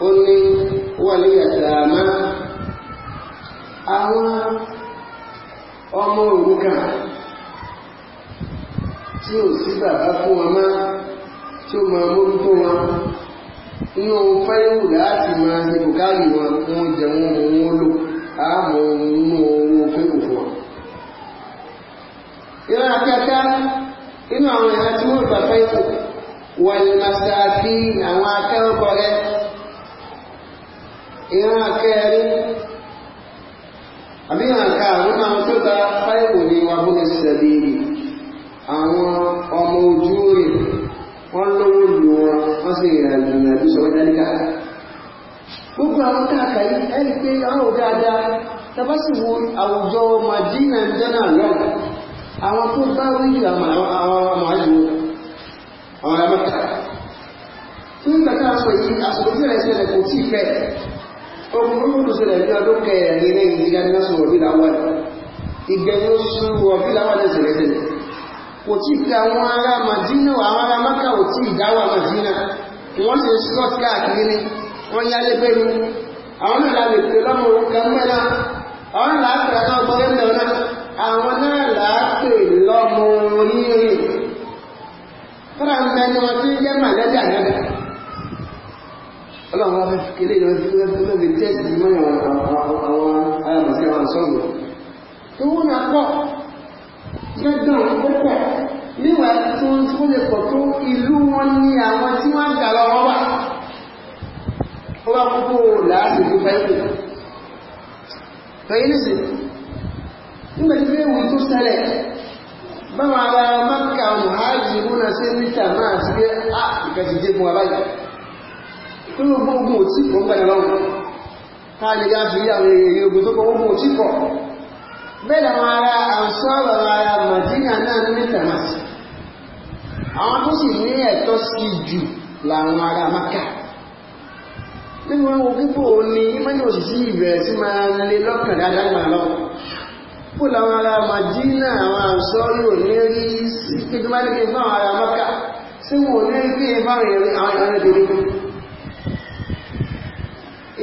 ó ní wọ́n lè yàtàmá àwọn ọmọ òrukàn tí ò sí bàbá fún wọn tí ó máa mójútó wọn inú fẹ́yìnwó láti máa ní bùkárì wọn wọn òun àmọ́ fún wọn. akẹ́kẹ́ ìran kẹrin àbí ìran karùn-ún tó gba fáìlì ní wa bó àwọn ọmọ ojú wọ́n lówó lù wọn wọ́n sì rìn àjò ìrìn àjò sọ̀rọ̀ dáríkà gbogbo àwọn káàkà yìí ẹni pé àwọn dáadáa tabasiwo àwùjọ madina jẹ́nà lọ́wọ́ àwọn tó bá rí àwọn sọ yìí rẹ̀ kò tí fẹ́ ogun múlùú sílẹ̀ ní ọdún kẹrin ní ìdíga ní oṣù wọ̀bí làwọn ìgbẹ́ ní oṣù wọ̀bí làwọn ẹ̀sẹ̀ lẹ́sẹ̀ kò tí fi àwọn ará Madina àwọn ará Maka ò tí ìdáwà Madina wọ́n ṣe scott káàkiri ni wọ́n yálé pé mi àwọn náà lè pè lọ́mọ orúkọ mẹ́ta àwọn náà láàpẹ̀ àwọn ọgbọ́n mẹ́ta náà àwọn náà láàpẹ̀ lọ́mọ orí rìn. jẹ́ màlẹ́dà náà ọlọ́run wá fẹ́ kéde lọ sí lọ́sẹ̀ tẹ́sì mọ́ àwọn àmọ̀sí àwọn sọ́ọ̀rọ̀ tó wọ́n náà pọ̀ gbẹ́gbọ́n púpọ̀ níwà tó ń tó lè pọ̀ tó ìlú wọn ní àwọn tí wọ́n gbà lọ́wọ́ wà ó wá púpọ̀ làásìkò fẹ́ẹ̀kù fẹ́yìn sí nígbà tí wọ́n wù tó ṣẹlẹ̀ báwọn ará mọ́kà mùhájì múnà sí níta máa fún wa tó ló gbógun ò tí pọ̀ ń bẹ̀rẹ̀ lọ́wọ́ káàlì yá sí àwọn èèyàn ogun tó kọ ogun ò tí pọ̀ bẹ́ẹ̀ àwọn ará àǹsọ́rọ̀ ara màdínà náà ní tẹ̀másì àwọn tó sì ní ẹ̀tọ́ sí jù làwọn ará maka nínú àwọn òkúpò ní mẹ́ni òṣìṣẹ́ ìbẹ̀rẹ̀ sí máa lé lọ́kàn dáadáa gbà lọ́wọ́ kó làwọn ará màdínà àwọn àǹsọ́rọ̀ ní rí sí kéjúmálẹ́gbẹ̀ẹ́ fún àwọn ará maka sí wọn ní rí pé báwọn èèyàn àwọn èèyàn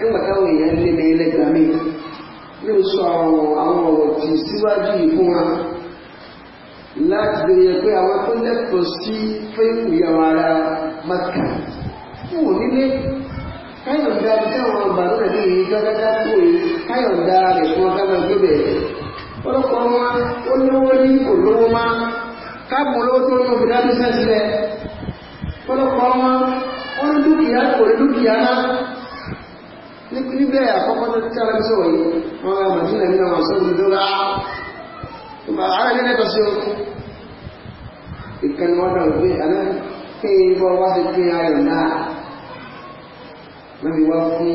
nígbà táwọn èèyàn lé ní ẹlẹ́gbà mi ní o sọ àwọn ọ̀rọ̀ tí síwájú yìí fún wa láti bèèrè pé àwọn tó lẹ́tọ̀ọ́ sí fẹ́ẹ̀kù yàwó ara maka fún òní lé káyọ̀dá bí táwọn àgbàdo rẹ̀ ní ìyíká dáadáa tó yìí káyọ̀dá rẹ̀ fún ọgá máa gbé bẹ̀rẹ̀ ọlọ́pàá wọn ó lówó ní kò lówó má káàbù lówó tó lówó fìdá bí sẹ́sílẹ̀ ọlọ́pàá wọn ó ní dúkìá kò ní dúkìá náà níbẹ̀ àkọ́kọ́ tó tẹ́lẹ̀ sọ̀rọ̀ yìí wọ́n rẹ̀ màdínà nínú àwọn sọ́rọ̀ ìdọ́rà ààrẹ nílẹ̀ tó sí ọkùn ìkẹniwọ́dọ̀ ìgbé àná pé ibọ́ wá sí pé ayọ̀ náà lórí wá fún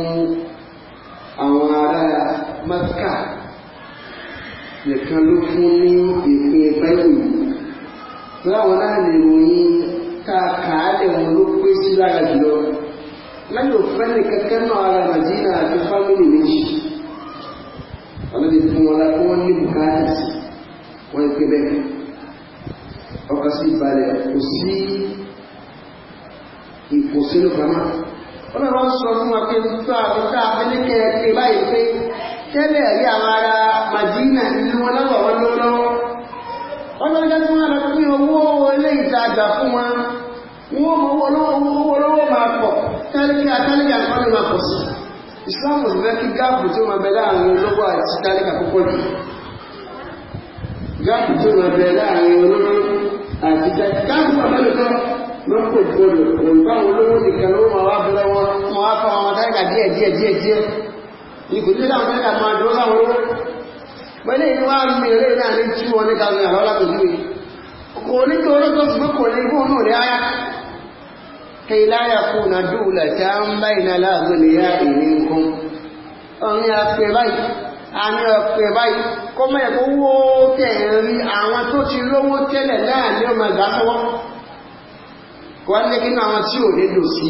àwọn ará mẹ́tíkà nìkan ló fún ní ìpín báyìí láwọn náà lè ròyìn ká kàálẹ̀ wọn ló pé sí lára jùlọ lẹ́yìn òfẹ́ ní kẹ́kẹ́ náà ara nàìjíríà àti fámìlì méjì ọlọ́dẹ fún wọn láti wọ́n ní bùkátà sí wọ́n ké bẹ́ẹ̀ ọkọ̀ sí ìbalẹ̀ kò sí ìkòsínú kama wọ́n máa ń sọ fún wa pé nípa àbúkà abẹ́lẹ́kẹ́ ké báyìí pé tẹ́lẹ̀ rí àwọn ará màjínà ní wọn lọ́wọ́ wọn lọ́wọ́ ọlọ́dẹ fún wọn lọ pín owó ilé ìtajà fún wọn wọ́n mọ owó lọ́wọ́ tálíkà tálíkà kan ní máa pọ̀ sí ìsìláàmù ìfẹ́ kí gáàpù tí ó máa bẹ láàrin olówó àti tálíkà púpọ̀ jù gáàpù tí ó máa bẹ láàrin olówó àti tálíkà gáàpù àbẹ́lùkọ́ ló ń pò gbọdọ̀ òǹkà olówó nìkan ló máa wá bẹ̀rẹ̀ wọn wọn wá fa àwọn tálíkà díẹ̀ díẹ̀ díẹ̀ díẹ̀ ìkòjú láwọn tálíkà máa dúró láwọn olówó pẹ̀lú ìlú wa mi eré náà ní tí wọn ní kàwé àwọn alákòjú mi kò ní kí olóòtú ṣùgbọ́n kò ní ibú náà ní ayá كي لا يكون دولة بين الأغنياء منكم ọ̀rin àpè báyìí àmì ọ̀pẹ̀ báyìí kọ́ mọ́ ẹ̀kọ́ owó tẹ̀rí àwọn tó ti lówó tẹ́lẹ̀ láàrin ọmọ ìgbà sọ́wọ́ kọ́ ní kí náà tí ò lè lò sí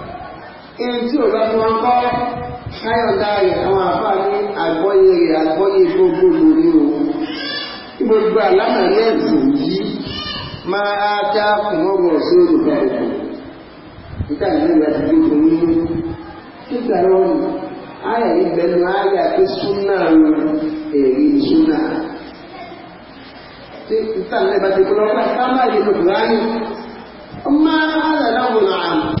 ẹni tí ò bá tí wọ́n kọ́ ṣáyọ̀dá rẹ̀ àwọn àbá ní àgbọ́yé rẹ̀ àgbọ́yé gbogbo lórí òun gbogbo àlámà lẹ́ẹ̀sì yìí máa dá fún ọgbọ̀n sí olùkọ́ ẹ̀kọ́ nígbà ìlú àti gbogbo nínú nígbà lọ́nà ayà ìbẹ̀nu ayà pé súnà èrí súnà nígbà lẹ́ẹ̀bà ti kọ́ lọ́pàá sábà yìí lọ́pàá láyé ọmọ àlàláwò làánù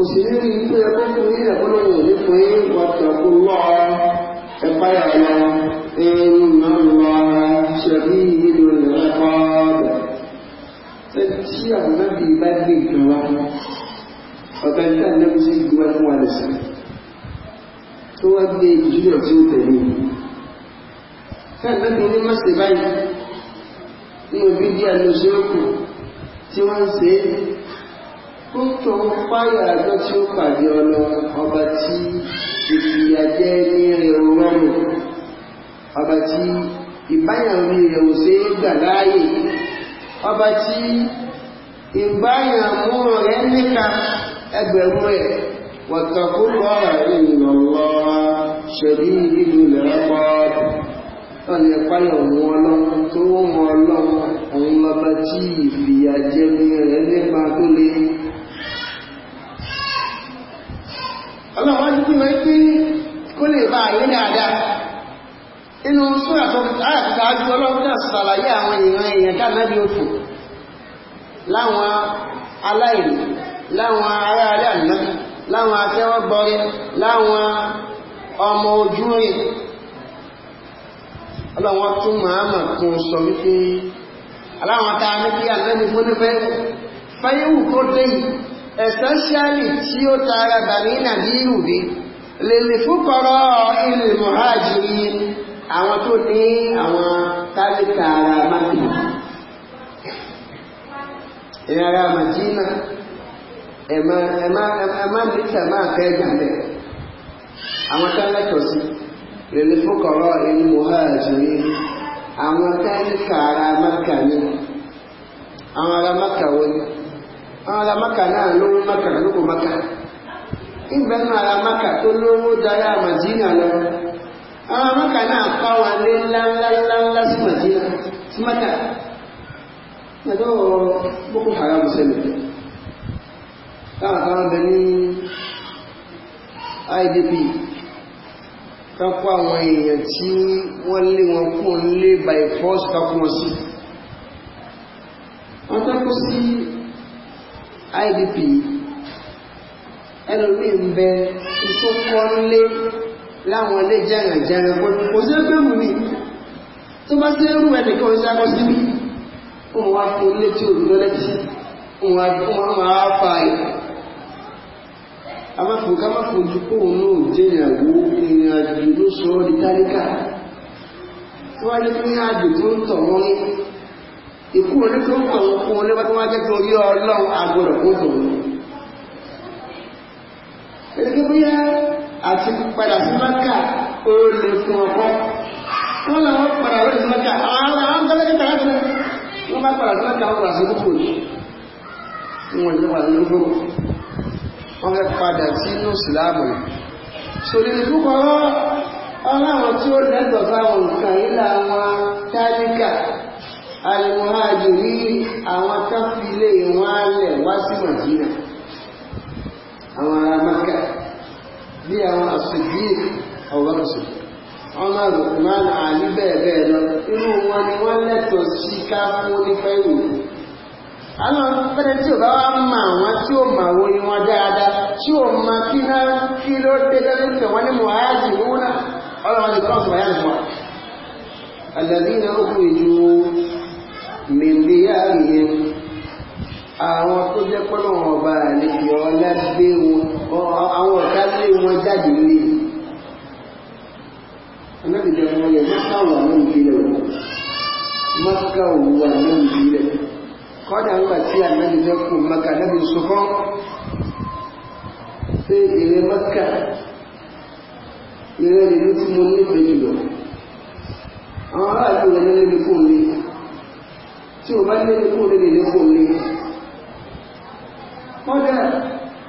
kò sì ní rí pé ẹkọ́ fún yín ẹ̀kọ́lọ́wọ̀ ní fún yín wàtàkù lọ́ọ̀ ẹ̀pá ìrọ̀lọ́ ẹ̀rù mọ́lúwa ṣẹ̀bí nínú ìrẹ́pọ̀ ẹ̀ tí àwọn nábì bá gbé ìtàn wa ọ̀gá ìta ìlẹ́kùn sí ìgbéwà fún wa lẹ́sẹ̀ tó wá gbé ìjúlẹ̀ tí ó tẹ̀lé fẹ́ẹ̀ tó ní má ṣe báyìí nínú bídíà lọ sí òkú tí wọ́n ń ṣe é ó tó ń páyà ọjọ́ tí ó pàdé ọlọ ọba tí ìfìyàjẹ́ ní ẹ̀rọ rọrùn ọba tí ìbáyàn rí rẹ̀ ò ṣe é gbà láàyè ọba tí ìbáyàn mú rẹ̀ níka ẹgbẹ̀rún rẹ̀ wọ̀tọ̀kú lọ́rọ̀ ìrànlọ́ ṣẹ̀rí ìlú lẹ́rọ̀ ọ̀nà ìpáyà òun ọlọ́run tó wọ́n ọlọ́run òun lọ́ba tí ìfìyàjẹ́ ní ọlọ́run wájú bí wọ́n pín kó lè bá ayé dáadáa inú súnà tó àtàájú ọlọ́run náà sàlàyé àwọn èèyàn èèyàn dáadáa òfò láwọn aláìní láwọn ará alẹ́ àná láwọn atẹ́wọ́gbọ́rẹ́ láwọn ọmọ ojú rẹ̀ ọlọ́run tún máa mọ̀ kún sọ wípé aláwọn ta ní kí àná ní fónífẹ́ fẹ́yẹ̀wù kó dé yìí essentially tí ó tara bàmí nàbírù rí lè lè fúkọrọ ilé mọ̀hájìrí àwọn tó ní àwọn tálíkà ara mákìlá ìrara màjínà ẹ̀má lítà máa fẹ́ gbàlẹ̀ àwọn tálẹ́tọ̀ sí lè lè fúkọrọ ilé mọ̀hájìrí àwọn tálíkà ara mákà àwọn ara mákà àwọn ará maka náà lówó maka lóko maka ìgbà náà ará maka tó lówó darí àmàdínà lọ àwọn ará maka náà kọ́ wọn lé ńláńláńlá sí màdínà sí maka ẹjọ́ boko haram sẹ́lẹ̀ táwọn kan bẹ ní idp kápọ̀ àwọn èèyàn tí wọ́n lé wọn kún lé by force kápọ̀ wọn sí wọ́n tẹ́kọ̀ sí IDP ẹlòmíì ń bẹ tó kọ́ lé láwọn ilé jẹ́rìnjẹ́rìn pé kò sí pé mú mi tó bá sí ẹrú ẹnìkan ó sákọ́ sí mi ó mọ̀ wá fún ilé tí lẹ́tí ó mọ̀ wá náà jẹ́ ìyàwó ló ikú onítòkò àwọn fún onígbà tó wá jẹ́ tó yí ọlọ́run agbọ̀dọ̀ fún tòun ẹ̀rẹ́gẹ́ bóyá àti padà sí mọ́kà ó lè fún ọkọ́ wọ́n làwọn padà lórí sí mọ́kà àwọn àwọn tẹ́lẹ́kẹ́ tẹ́lẹ́ tẹ́lẹ́ wọ́n bá padà sí mọ́kà wọ́n padà sí kókò yìí wọ́n lè padà lórí kókò wọ́n fẹ́ padà sínú ìsìláàmù sòrí ìdúkọ̀ ọlọ́run tí ó lẹ́tọ̀ọ́ sáwọn nǹkan ilé àwọn táyíkà alìmọ̀hájìrí àwọn táfilé wọn alẹ̀ wá sí màjínà àwọn ará maka bí àwọn àṣìdí ọ̀gbọ́n sí ọmọ rukman bẹ́ẹ̀ bẹ́ẹ̀ lọ irú wọn ni wọ́n lẹ́tọ̀ọ́ sí ká fún onífẹ́ àwọn pẹ́lẹ́ tí ò bá wá mọ àwọn tí ò mà wo wọn dáadáa tí mọ kí náà kí ló mìíràn àwọn tó jẹ́ pọ́lọ́wọ́n ọba àlejò ọlẹ́gbé wọn àwọn ọ̀tá lé wọn jáde lé anábìjọ wọn yẹ mọ́ká wà lóhùn ìbílẹ̀ wọn mọ́ká wà lóhùn ìbílẹ̀ kọ́dà ń gbà tí anábìjọ kò mọ́ká anábìjọ sọ fún pé èrè mọ́ká èrè ìlú tí mo nífẹ̀ẹ́ jùlọ àwọn aráàlú rẹ̀ nílé fún mi tí o bá lé ní kó lè lè kó lè kọ́dà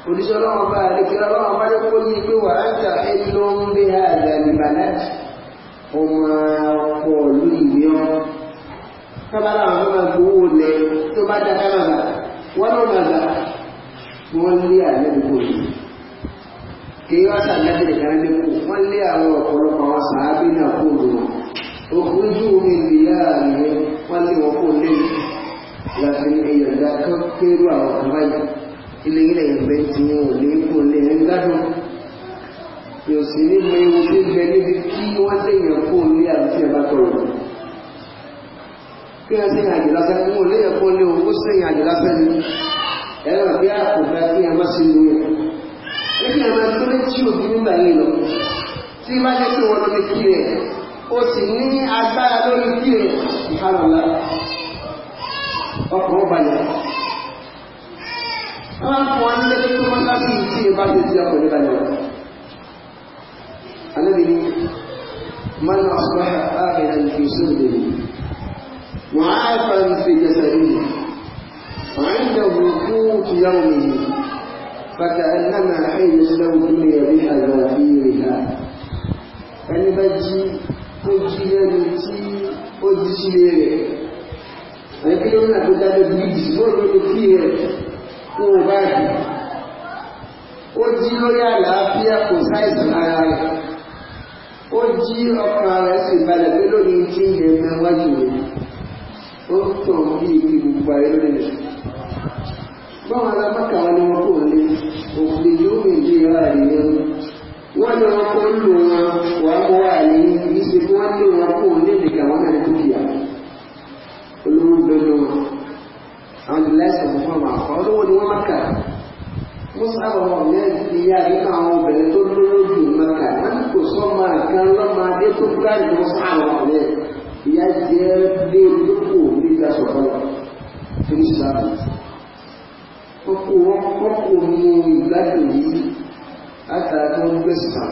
òdíṣẹ́ ọlọ́run bá àdékẹ́rẹ́ ọlọ́run ní pé wà á jà اخرجوا من ديارهم وليوقوا الليل لكن إذا كفروا وكبروا ilé ilẹ̀ ìgbẹ́ tí wọn ò kó lè ń gbádùn yóò sì ní mọ ewu tí ń níbi kí wọ́n tẹ̀yàn kó lé àti ẹ̀bá tọrọ kí wọ́n sẹ́yìn àjò lásán ní wọn ò kó lé owó sẹ́yìn àjò lásán ní ẹ̀rọ bí àpò kí a má sí ní wọn. ẹ̀kí àwọn ẹgbẹ́ tí òbí nígbà yìí lọ tí wọ́n lọ ó sì ní agbára lórí bí rẹ̀ ìfàlọ́lá ọkùnrin balẹ̀. wọ́n á fọ ní lẹ́yìn tó wọ́n láti ìdí ìbá ṣe ti ọkùnrin balẹ̀ wọ̀. alẹ́bi ni mọ́nà ọ̀sùnmọ́ ààrẹ ìfi sóde wọ́n á fà ń fi jẹsẹ̀ rí وعنده قوت يومه فكأنما حيز له الدنيا بها وفيها ẹni bá jí ó jí lẹ́nu tí ó jí sílé rẹ̀ àyẹ̀kí ló ń àgbéjà lẹ́bi ìdí o báyìí ó jí lórí àlàáfíà kò sáìsàn ara rẹ̀ ó jí ọkàn rẹ̀ sì balẹ̀ pé lónìí tí ń yẹn máa wájú rẹ̀ ó tọ̀ bí ibi gbogbo ayé lónìí rẹ̀ báwọn alábàkà wọn ni wọn kò ní òfin yóò méjì ara wọ́n lọ ọkọ̀ ń lò wọn wà á wà ní ìṣe kí wọ́n lé wọn kó ní ìdíkà wọn náà dúkìá ya gbẹdọ̀ wọn àwọn ìlú ya fún fún wọn ya tó wọ́n ní wọ́n mọ́kà mo sábà wọn ní ìyá àwọn obìnrin tó mọ́kà kò sọ máa kan lọ́mọ adé tó wọn ìyá jẹ́ lé yìí. látara tó ń gbèsè tà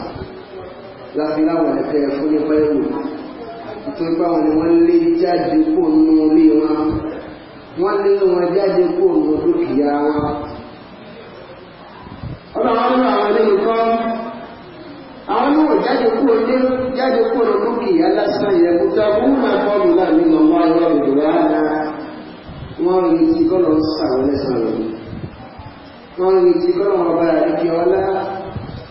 láti láwọn ẹ̀kẹ́ fún nípa ẹ̀wò nítorí pé àwọn ni wọ́n lé jáde kó nù lé wọn wọ́n lé wọn jáde kó nù dúkìá wọn. ọ̀dọ̀ àwọn nínú àwọn ilé nǹkan àwọn náà jáde kó lé jáde kó nù dúkìá lásán yẹ kó tá wọ́n máa kọ́ mi náà nínú ọmọ ayọ́ ìdòwà náà wọ́n rí ti kọ́ lọ sàwọn lẹ́sàn-án lọ́wọ́ wọ́n rí ti kọ́ lọ́wọ́ bá àdékè ọlá.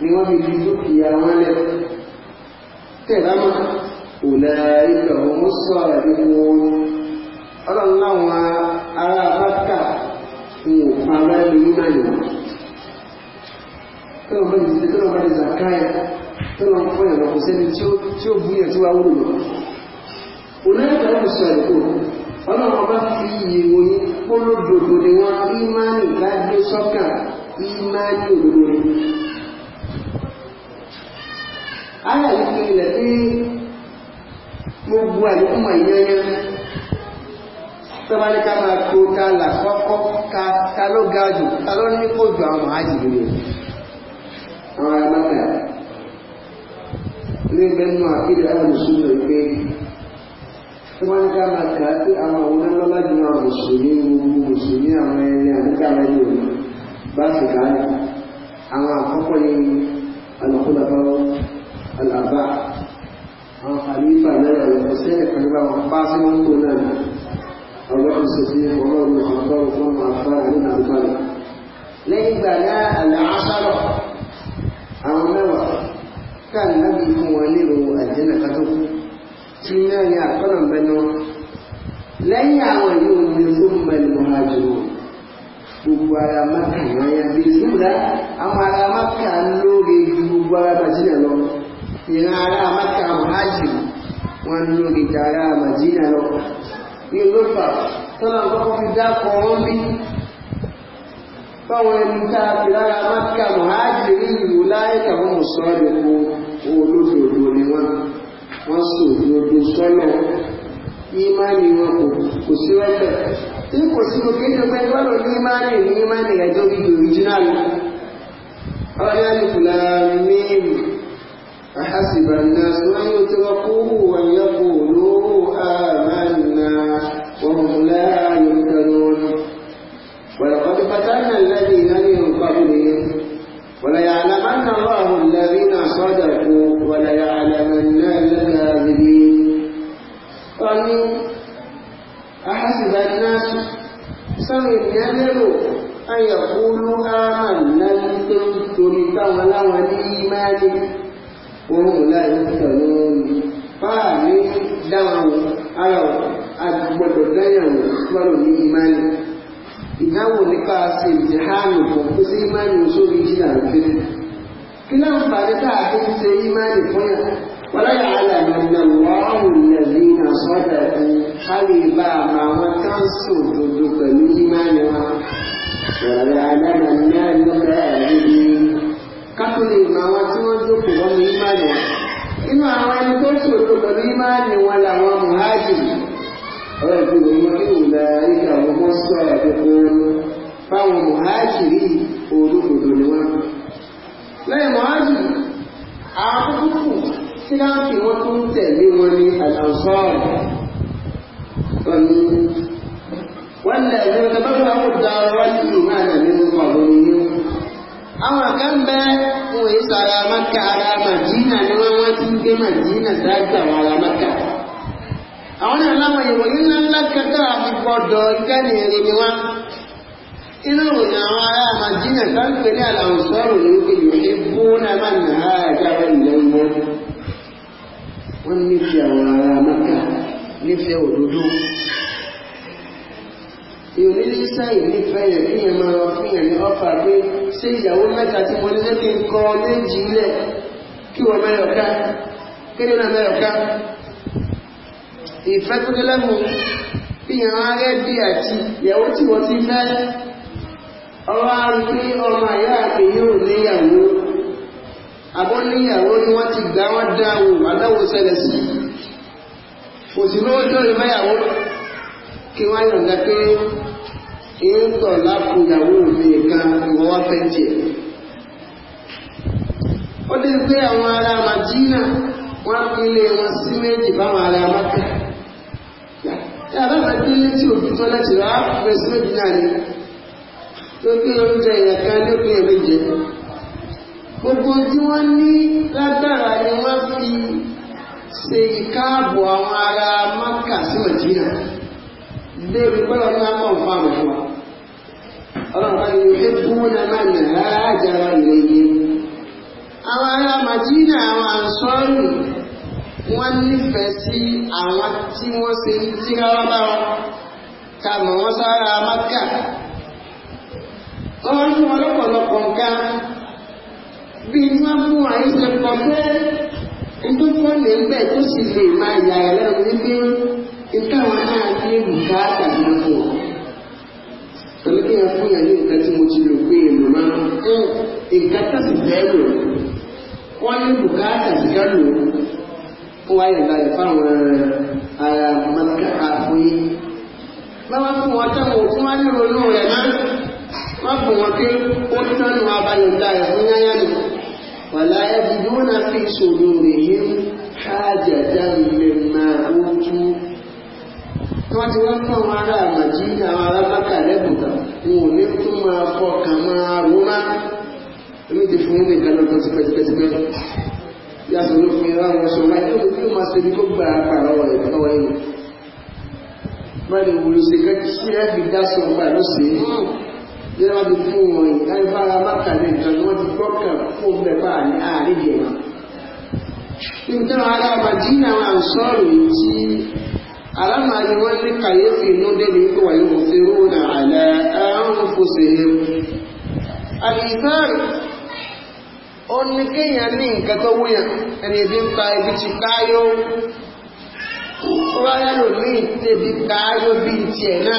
ni wọ́n fi fi dúkìá wọn lẹ̀ tẹ̀lámà òlà ìgbà òun sọ àràbí wọn ọlọ́run láwọn ará ń wò ara ẹni ní màlẹ̀ tó bá ti ṣe tó lọ́n bá ti zàkáyà tó kò sẹ́ni tí ó tí wàá wúlò lọ. sọ ọlọ́run bá fi ni wọ́n ayà yìí fi ilẹ̀ pé gbogbo àyíkúmọ̀ ìyẹnyẹ tọ́ba ní ká máa kó ká là kọ́kọ́ ká ká ló ga jù ká ló ní kó ju àwọn àjì lórí àwọn agbára ní ẹgbẹ́ nínú àkílẹ̀ àwọn ìṣúná ìgbé tọ́ba ní ká máa kà á sí àwọn òun náà lọ́lá jù àwọn mùsùlùmí gbogbo mùsùlùmí àwọn ẹni àdúgbò bá sì kà àwọn àkọ́kọ́ ní alùpùpù àlàbà àwọn àlífà náà àwọn ọ̀sẹ́ ìkànlá wọn bá sí wọn kó náà àwọn ìṣèjì ọlọ́run àtọ́rọ̀ fún àfáà nínú àgbàlá lẹ́yìn ìgbà náà àlàásàrọ̀ àwọn mẹ́wàá káà nábì fún wọn nílò àjẹ́nà kátókù tí náà ní àkọ́nà bẹnu lẹ́yìn àwọn yóò ní súnmọ́ ìmọ̀hájúwò gbogbo ara mákà náà yà bí súnmọ́ àwọn ará mákà lóore ju gbogbo ara bàjẹ́ lọ ìran ara maka ọ̀hájì wọn ní olùjà ará màjínà lọ ní olófà a fi lára mẹ́ta ọ̀hájì rí ìlú láyé kàwọn mùsọ̀rọ̀ kó olófò òdo ni wọn wọn sì òdo sọ́nà ìmánì wọn kò sí rẹ́pẹ̀ tí kò sí kò kéjọ pé lọ́rọ̀ ní ìmánì ní ìmánì ọrịa tó أحسب الناس أن يتركوه وأن يقولوا آمنا وهم لا يمكنون ولقد فتنا الذين من قبلهم وليعلمن الله الذين صدقوا وليعلمن الكاذبين قالوا أحسب الناس سوي يدلوا أن يقولوا آمنا أنتم تركوا ولا oorun náà ní sọ̀rọ̀ lórí fáà ní dáhùn ara agbọ́dọ̀ dáyàwó sọ̀rọ̀ ní ìmáàlì ìdáhùn nípa ṣe ìdíhàmì kan kó sí ìmáàlì sórí ìjìnà òkèrè kí náà ń parí tá a fi ń ṣe ìmáàlì fún yà wọ́n yà á là nà nà wàhùn nàbí nà sọ́dà kú ká lè bá àwọn káńsù òdodo pẹ̀lú ìmáàlì wọn. wọ́n yà á là nà nà nà nà ma àwọn tí wọ́n jókòó lọ́mọ ìmáàlì wọn àwọn ẹni tó ṣòro pẹ̀lú ìmáàlì wọn làwọn mùhájìrì ọ̀rọ̀ ìgbìmọ̀ ìmọ̀ kí wò la ìkà àwọn fáwọn ni lẹ́yìn àwọn tí wọn tún tẹ̀lé wọn ní àlàǹsọ́ọ̀rọ̀ wọ́n lẹ̀ ẹ̀rọ ìtàbí àwọn ọ̀dà wájú ìmáàlì àwọn kan bẹ òun èyí sara maka ara madina ni wọn wọn ti ń gbé madina dágbà wọn ara maka àwọn náà láwọn ìròyìn ńlá ńlá kankan àti gbọdọ ìkànnì èrè ni wọn inú ìròyìn àwọn ará madina kan ní àlàó sọ̀rọ̀ ní wípé yòókè bó náà máa nà á jábọ ìlẹ ìlẹ wọn nífẹ̀ẹ́ àwọn ará maka nífẹ̀ẹ́ òdodo èyàn nílé iṣẹ́ èyàn ní fẹ́ yẹn kí yẹn máa lọ fún yẹn ní ọ́fà pé ṣé ìyàwó mẹ́ta tí mo nílé kí n kọ méjì lẹ̀ kí wọ́n mẹ́rọ̀ ká kí ni náà mẹ́rọ̀ ká ìfẹ́ tó délẹ́mù kí yẹn wá rẹ́ bí àti ìyàwó tí wọ́n ti fẹ́ ọwọ́ àrùn pé ọmọ àyà àgbèyẹ ò níyàwó àbọ̀ níyàwó ni wọ́n ti gbà wọ́n dáwò àdáwò ṣẹlẹ̀ sí òsì lówó tó ìmẹ́yàwó kí wọ́n yọ̀ǹda pé ìrìntọ̀ lápòyàwó mi kan wọ́n wá fẹ́ tiẹ̀. ó dé pé àwọn ará màjínà wọ́n fi ilé wọn sí méjì báwọn ará mákà. yàrá màjínà tí òbí tó láti rà á fẹ́ sí méjì náà ni tó gbé oúnjẹ ìyẹn ní gbogbo tí wọ́n ní lágbára ni wọ́n fi ṣe ìkáàbọ̀ àwọn ará sí màjínà. ọlọ́run ni yuhibbuna man hajara ilayhim àwọn ará Madina àwọn àǹsọ́rù wọ́n nífẹ̀ẹ́ sí àwọn tí wọ́n ṣe ń tíráwá bá wọn ká mọ̀ wọ́n sára Mákà wọ́n wọ́n fún wọn lọ́pọ̀lọpọ̀ nǹkan bí wọ́n fún wọn yìí ṣe pọ̀ pé nítorí lè bẹ̀ tó sì lè máa yà ẹ̀ lẹ́nu wípé wọn náà dé bùkátà náà ní kí ẹ fún yẹn ní nǹkan tí mo ti lò pé èlò máa ń nǹkan tẹ̀sí fẹ́ lò wọ́n ní bùkátà sí ká lò ó wá yẹn balẹ̀ fáwọn ará mọ́tà àfúyí. báwa fún wọn táwọn òfin wá ní ronú rẹ̀ náà wọ́n fún wọn pé ó tánu abayọ̀dá ẹ̀ fún yáyá ni wàlá ẹbí yóò náà fi ìṣòro rèé hájà dáhùn lè máa ó tú wọ́n ti wọ́n fún àwọn ará màjídà àwọn ará mákà lẹ́bùtà wọn ò ní tún máa fọkàn máa rúná èmi ti fún un nìkan lọ́dún sí pẹ́tipẹ́tipẹ́ yàtọ̀ ló fún yàrá wọn sọ wáyé ó ní yóò máa ṣe ní kó gbà á pàrọ̀ wọ̀ ẹ̀ lọ́wọ́ yìí báyìí wòlò ṣe kẹ́kẹ́ sí ẹ̀bí dá sọ gbà ló ṣe é yẹ́n hmm. wọ́n ti fún wọn yìí láì bá ara mákà lẹ́bùtà ni wọ́n ti gbọ́kàn fún bẹ́ẹ̀ bá àárín àlámà ni wọ́n ní kàyéfì ndị débi pé wà yóò fi rú nà àlẹ́ ẹ̀rùn fòsèhìm àlìsáàrì ó ní kéèyàn ní nǹkan tó wúyàn ẹni ibi ń pa ibi ti káyó ó wá lò ní ìtẹ̀bi káyó bíi tiẹ̀ na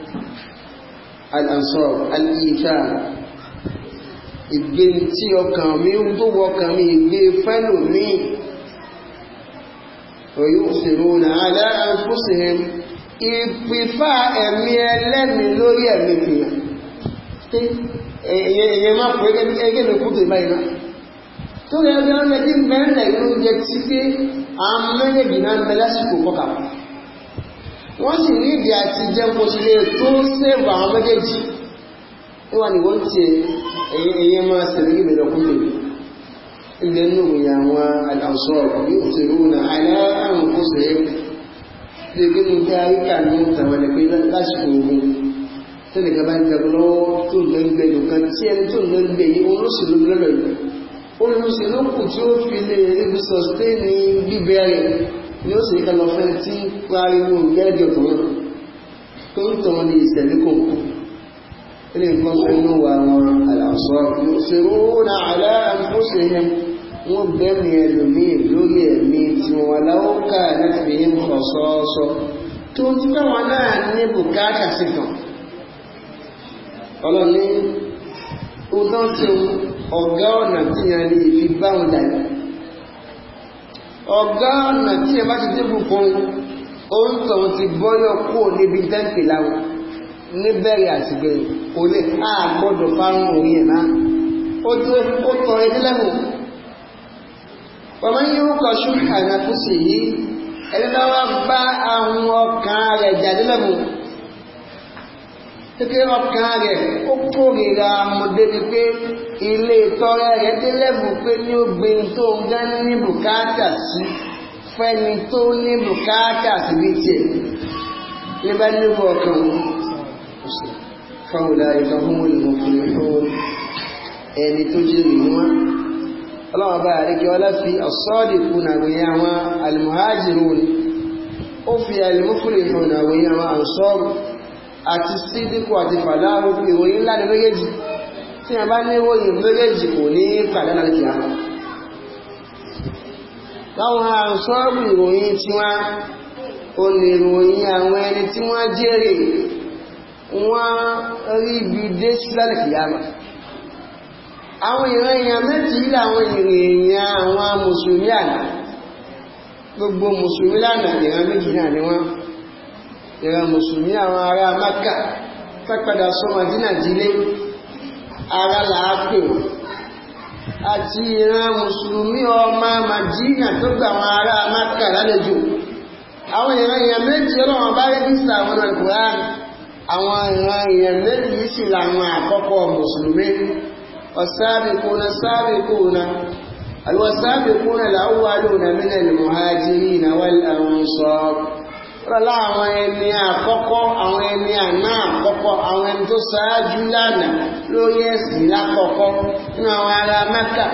al-ansab al-ifa ìgbé tí ọkàn mi ń tó wọkàn mi ìgbé fẹ́lò mi ويؤثرون على أنفسهم ìpìfà ẹ̀mí ẹlẹ́mì lórí ẹ̀mí fìyàn èyẹ máa pè ẹgbẹ́ mi kúrò báyìí náà tó rẹ̀ ẹgbẹ́ ọmọ ẹgbẹ́ mẹ́rin lẹ́yìn oúnjẹ tí pé àwọn méjèèjì náà ń bẹ lásìkò kọkà wọ́n sì ní ìdí àti jẹ́ kó sì lè tó sèbù àwọn méjèèjì ó wà ní wọ́n ti ẹ̀yẹ máa sẹ̀rẹ̀ ìbẹ̀ lọ́kùnrin ilẹ̀ inú ìyá àwọn àdáṣọ́ ọ̀bí òṣèrú na aláàrùn kó sẹ̀rẹ̀ lè gbé ní bí àríkà ní ìtàwọn ẹ̀pẹ́ lásìkò ogun tó lè gaba ń jagun lọ́wọ́ tó lẹ́gbẹ̀ẹ́ nìkan tí ẹni tó lẹ́gbẹ̀ẹ́ yìí olóṣèlú lọ́lọ́ yìí olóṣèlú kù tí ó fi lè rí bí sọ̀stẹ́ ní bíbẹ̀rẹ̀ ni ó sì ní kẹlọ fẹ́ tí pariwo gẹ́gẹ́ ọkùnrin tó ń tọ́ ní ìṣẹ̀lẹ̀ kòkó ilé nǹkan fẹ́ ní wà wọn àlàsọ ìṣòro ọ̀gá ọ̀nà tí yẹn lè fi báwọn dàgbà ọ̀gá ọ̀nà tí ẹ bá ti dé fún òun tọ̀hún ti bọ́yọ̀ kó níbi tẹ́ǹpì láwọn níbẹ̀rẹ̀ àtìgbẹ̀rẹ̀ kò lè á gbọ́dọ̀ fárún òun yẹn náà ó tó ó tọrẹ nílẹ̀mù ọmọ yìí ó kọ̀ ṣúkà náà yìí ẹni bá wá bá àwọn ọkàn rẹ̀ jà nílẹ̀mù nítorí ọkàn rẹ̀ ó kórìíra àmúdé ni pé ilé ìtọ́rẹ rẹ̀ délẹ́bù pé ní ó tó ń gán ní bùkátà sí fẹ́ni tó ní bùkátà sí bí tiẹ̀ bá fún ẹni tó àti sídíkù àti fàdáhù ìròyìn ńlá ní méjèèjì tí a bá ní ìròyìn méjèèjì kò ní pàdánà lè kìá láwọn àṣọ́rù ìròyìn tí wọ́n ò ní ìròyìn àwọn ẹni tí wọ́n jèrè wọ́n rí ibi dé sílẹ̀ kìá àwọn ìran èèyàn méjì láwọn ìrìnyàn àwọn mùsùlùmí àná gbogbo mùsùlùmí lánàá ìran méjì náà ni wọ́n ìran mùsùlùmí àwọn ará Mákà kápadà sọ Mádínà dílé ara làápè àti ìran mùsùlùmí ọmọ Mádínà tó gba àwọn ará Mákà lálejò àwọn ìran èèyàn méjì ọlọ́wọ́n bá rẹ́gísítà àwọn Al-Qur'an àwọn ìran èèyàn méjì yìí làwọn àkọ́kọ́ mùsùlùmí والسابقون السابقون الوسابقون الأولون من المهاجرين والأنصار rọ́lá àwọn ẹni àkọ́kọ́ àwọn ẹni àná àkọ́kọ́ àwọn ẹni tó sáájú lánà lórí ẹ̀sìn lákọ̀ọ́kọ́ nínú àwọn ará Mẹ́kà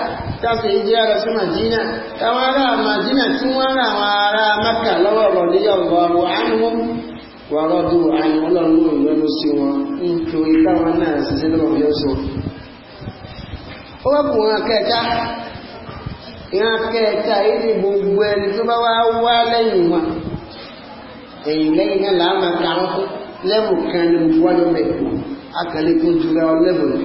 táṣe ìjẹ́ sí Màdínà táwọn ará Màdínà tí wọ́n rà àwọn ará Mẹ́kà lọ́wọ́ rọ̀lẹ́ ọ̀rọ̀ àánú wọ́rọ́ dùn àyàn ẹ̀yìn lẹ́yìn náà làá máa ka wọn fún lẹ́mù kan ní gbogbo wájú mẹ́ akẹ́lẹ́ jura lẹ́mù rẹ̀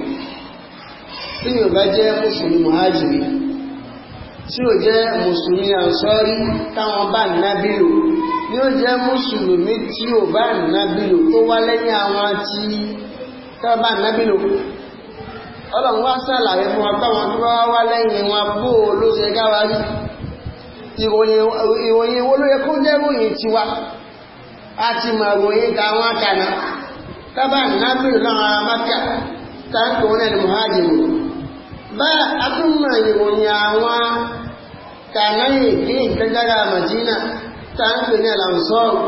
tí yóò bá jẹ́ mùsùlùmí muhajiri tí yóò jẹ́ mùsùlùmí ansọ́rí táwọn bá nábì lò ni ó jẹ́ mùsùlùmí tí yóò bá nábì lò tó wá lẹ́yìn àwọn tí táwọn bá nábì lò ọlọ́run wá sàlàyé fún wa báwọn tó bá wá lẹ́yìn wọn bó ló ṣe gáwa ìròyìn wo ló yẹ kó jẹ́ ròyìn tiwa a ti mọ̀ ìròyìn ta wọn kàná tábà nábìrì láwọn ará mákà tá ń pè wọn ẹni mọ̀hájìmù bẹ́ẹ̀ a tún mọ̀ ìròyìn àwọn kàná èké ìtẹ́jára màdínà tá ń pè ní àlànsọ́ọ̀rù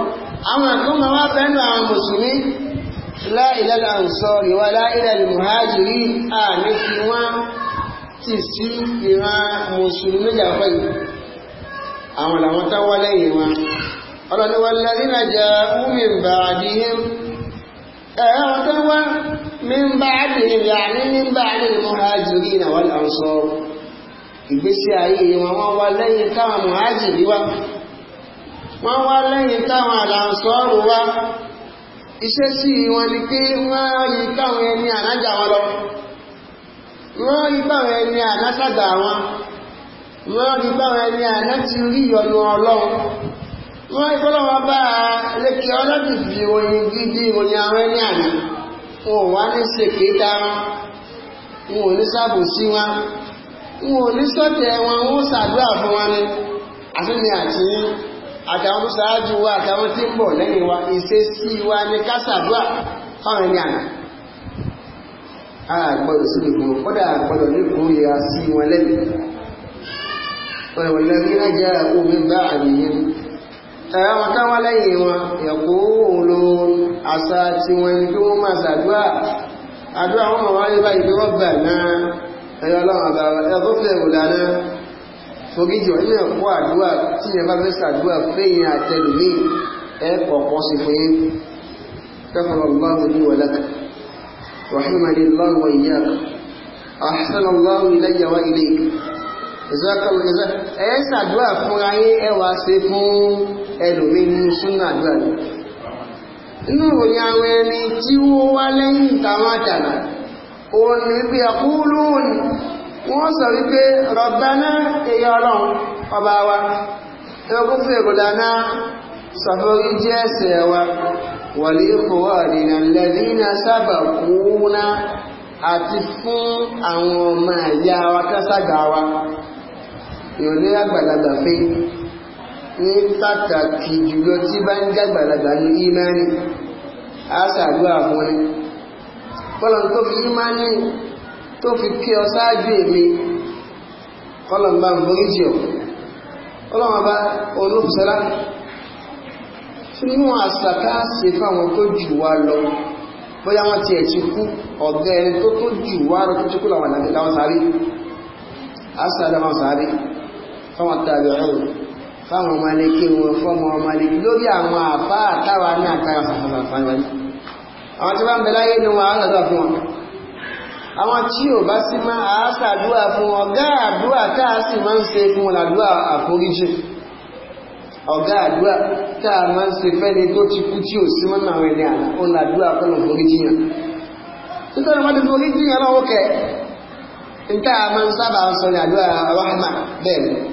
àwọn àkọ́mọ̀ wá bẹ́ẹ̀nu àwọn mùsùlùmí láìlẹ́ àlànsọ́ọ̀rù wà láìlẹ́ mọ̀hájìrì àní fi wọ́n ti sí ìran mùsùlùmí jàpẹ́ àwọn làwọn táwọ́ lẹ́yìn wọn ọlọ́ni wàlẹ́dínà jẹ́ min ba'dihim ẹ̀rọ tó wá min ba'dihim yàní min ba'dil muhajirina wal ansar ìgbésí ayé wọn wọ́n wá lẹ́yìn táwọn wá wọ́n wá lẹ́yìn táwọn àlànsọ́rù wá iṣẹ́ sí wọn ni pé wọ́n rí táwọn ẹni ànájà wọ́n ìtọ́lọ́wọ́ bá lékè ọlọ́dún fi oyin gidi oyin àwọn ẹni àná wọn ò wá ní ṣèkéta wọn wọn ò ní ṣàbòsí wọn wọn ò ní sọ́tẹ̀ wọn wọn ṣàdúrà fún wọn ni àtúnyẹ àti àtàwọn tó ṣáájú wa àtàwọn tí ń lẹ́yìn wa ìṣesí sí gbogbo ní ìkórìíra sí wọn lẹ́yìn ẹ̀wọ̀n táwọn lẹ́yìn wọn ẹ̀kọ́ òun àṣà tí wọ́n ní kí wọ́n máa ṣàdúrà àdúrà wọn mọ̀ wáyé báyìí pé wọ́n gbà náà ẹ̀yọ́ ọlọ́run àbáwọ̀ ẹ̀kọ́ fẹ́ ìwòlànà foríjì wọn náà kó àdúrà ìzọ́kọ̀wọ̀lẹ́sọ́ ẹ ṣàdúrà fún ayé ẹwà ṣe fún ẹlòmí nínú súnà àdúrà rẹ̀ inú ìròyìn àwọn ẹni tí ó wá lẹ́yìn ìtàwọn àtàlà òun ni wípé ọkúlù wọ́n sọ wípé rọ̀bánà èyí ọlọ́run ọba wa ẹgbẹ́ fún sọfọ́rí jẹ́ ẹsẹ̀ wa ìfọwọ́ lẹ́dínà sábà kúrúnà àti fún àwọn ọmọ wa wa ìròyìn àgbàlagbà pé ní pàtàkì jùlọ tí bá ń jàgbàlagbà ní ìmáni a ṣàdúrà fún ẹ kọlọ̀n tó fi ìmáni tó fi kí ọ sáájú èmi kọlọ̀n bá ń boríjì ọ bá olóòfìsẹ́lá nínú tó jù wá lọ bóyá ti kú ọ̀gá ẹni tó tó jù wá fáwọn tàbíọ̀rún fáwọn ọmọlékí wọn fọ́mọ ọmọlékí lórí àwọn àbá àtàwà àwọn tí wọ́n ní wọn àádọ́dọ̀ fún wọn àwọn tí ò bá sí máa àásàdúà fún ọ̀gá àdúà a sì máa ń ṣe fún àforíjì máa ń fẹ́ni tó ti kú tí ò sí mọ́nà àwọn ẹni àná foríjì yàn nítorí ti foríjì yàn lọ́wọ́ ń máa ń sábà sọ ní rahma bẹ́ẹ̀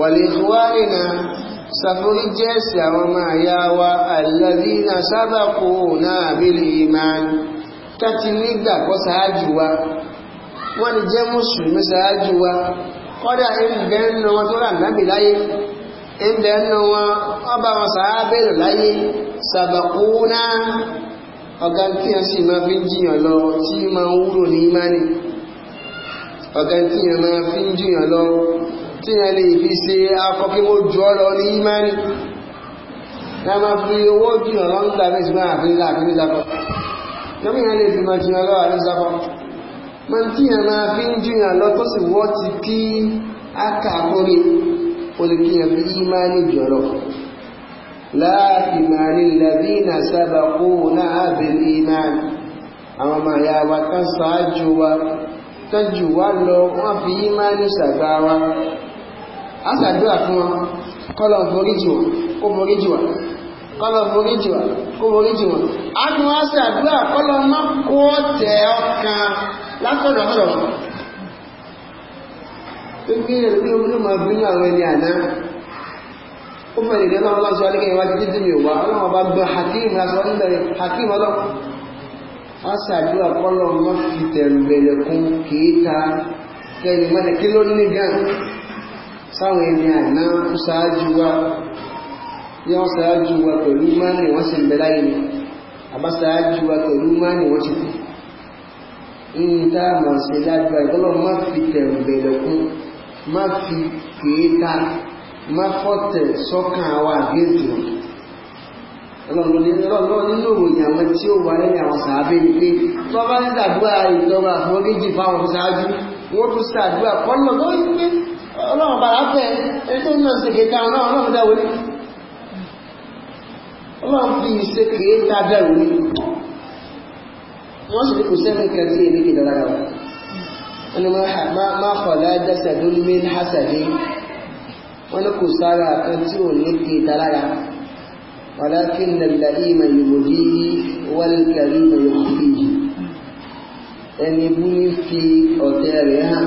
ولإخواننا ṣàforíjì ẹ̀ṣẹ̀ àwọn ọmọ àyà wa alladhina sabaquna wa wọ́n ni jẹ́ mùsùlùmí sáájú wa kọ́dà ẹ̀mùbẹ̀ wọn tó rà láyé tí yẹn lè fi ṣe akọ́kíwó jù ọ́ lọ ní ìmánì ní a máa fi owó jù ọ́ lọ́n gbà bí ìsinmi àfihàn àfihàn ìsapọ̀ lọ́mí yẹn lè fi máa jù ọ́ lọ́wọ́ àfihàn ìsapọ̀ máa tí yẹn máa fi ń jù yàn lọ tó sì wọ́ ti kí akàkórí ó lè kí yẹn fi ìmánì jù ọ́ lọ láàfin àárín sábà kó náà àbẹ̀lẹ̀ ìmánì àwọn ọmọ ìyá wa tán ṣáájú wa tán jù lọ wọ́n fi ìmánì ṣàgbá wa a ṣàdúrà fún wọn kọ́lọ̀ foríjì wọn kó foríjì wọn kọ́lọ̀ foríjì wọn kó foríjì wọn a tún wá ṣàdúrà kọ́lọ̀ má kó tẹ ọkàn lásọ̀dọ̀ ọ̀rọ̀ gbogbo ẹ̀rọ bí omi ló máa bínú àwọn ẹni àná ó fẹ́ ìdílé náà lọ́sọ̀ alẹ́kẹ́ ìwájú títí mi wá ọlọ́run bá gbọ́ hakim lásán nílẹ̀ hakim ọlọ́run wọ́n ṣàdúrà kọ́lọ̀ mọ́ fi tẹ̀rù bẹ̀rẹ̀ kún kìí kẹ́yìn mọ́lẹ̀ kí ló ní gan sáwọn ẹni na ṣáájú wa yọ́ ṣáájú wa pẹ̀lú mánì wọ́n sì ń bẹ láyé àbá ṣáájú wa pẹ̀lú mánì wọ́n ti kú ń tá a mọ̀ má fi tẹ̀m̀bẹ̀rẹ̀ kún má fi kéèta má fọ́tẹ̀ sọ́kàn wa àgbéjù ọlọ́run nínú ìròyìn àwọn tí ó wà lẹ́yìn àwọn sàábẹ́ ni pé tó bá ń ṣàdúrà ìjọba fáwọn ṣáájú wọ́n tún ṣàdúrà ọlọ́run bára fẹ́ ẹni tó náà ṣe kẹta ọlọ́run ọlọ́run dá wọlé ọlọ́run fi ṣe kẹta dá wọlé wọ́n sì kò sẹ́mi kan tí èmi kì dára wà wọ́n ni máa kọ̀lá dẹ́sẹ̀ tó ní mẹ́rin wọ́n ni kò sára kan tí ò ní kì dára ولكن اللئيم يبديه والكريم يخفيه ẹni bú ní fi ọ̀tẹ̀ rẹ̀ hàn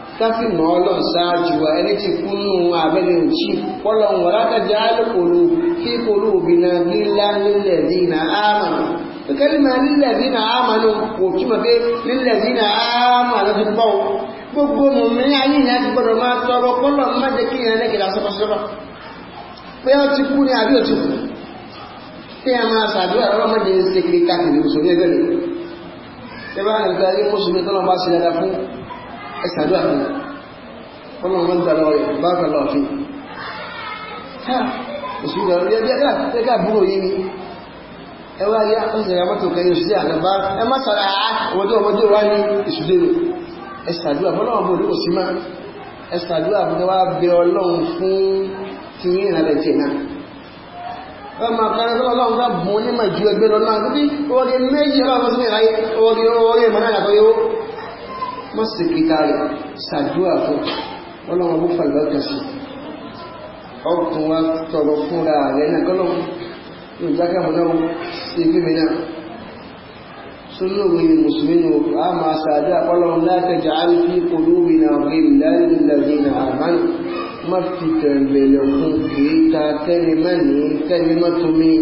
káfí mọ́ ọlọ́run ṣáájú wa ẹni tí kú nù abẹ́lẹ̀ òjì kọ́lọ́run wọ́n látàjá lókòrò kí kòrò òbínà lílá lílẹ̀ dínà ámàlú kẹ́lí máa lílẹ̀ dínà ámàlú kò túmọ̀ pé lílẹ̀ dínà ámàlú ti pọ̀ gbogbo mọ̀mí ayé ìyá ti gbọ́dọ̀ máa tọrọ kọ́lọ́run má jẹ́ kí ìyá lẹ́gẹ̀dà sọ́kọ́sọ́kọ́ pé ó ti kú ní àbí ó ti kú pé a máa ṣàdúrà lọ́mọdé ń ṣe kiri káàkiri òṣèré ẹgbẹ́ rẹ̀ ṣé bá nìkan rí mùsùlùmí tọ́lọ́ bá ṣe dáadáa fún ẹ̀sàdúrà fún wọn wọn gbà lọ rẹ̀ bá kà lọ fi ha òṣìṣẹ́ lọ يا ẹgbẹ́ náà ẹgbẹ́ àbúrò yìí ni ẹ wá yá ó sì rẹ̀ mọ́tò kẹyìn òṣìṣẹ́ àgbà ẹ má sọ̀rọ̀ ọmọdé ọmọdé wá ní ìṣúdé rẹ̀ ẹ̀sàdúrà fọ́nà ọmọ olùkọ̀ sí má ẹ̀sàdúrà fún wa bẹ ọlọ́run fún ti ní ìrìnàlẹ̀ jẹ̀ náà ọmọ akẹ́rẹ́ tó lọ́wọ́ bá bùn onímọ̀ ju ẹgbẹ́ lọ́nà àgbẹ́bí ọwọ́gẹ́ méjì ọlọ́run sí ìráyé ọwọ́gẹ́ ọwọ́gẹ́ ìmọ̀ náà yàtọ̀ mọ́ sí kíkà rẹ̀ ṣàdúrà fún ọlọ́run ló fà lọ́kà sí ọkùn wa tọrọ fúnra rẹ̀ náà kọ́lọ́run yóò jákà mọ́ náà sí fíìmì náà سنوي المسلمين أما سادة قالوا لا تجعل في قلوبنا غلا للذين آمنوا ما في تنبيلكم في كلمة كلمة مي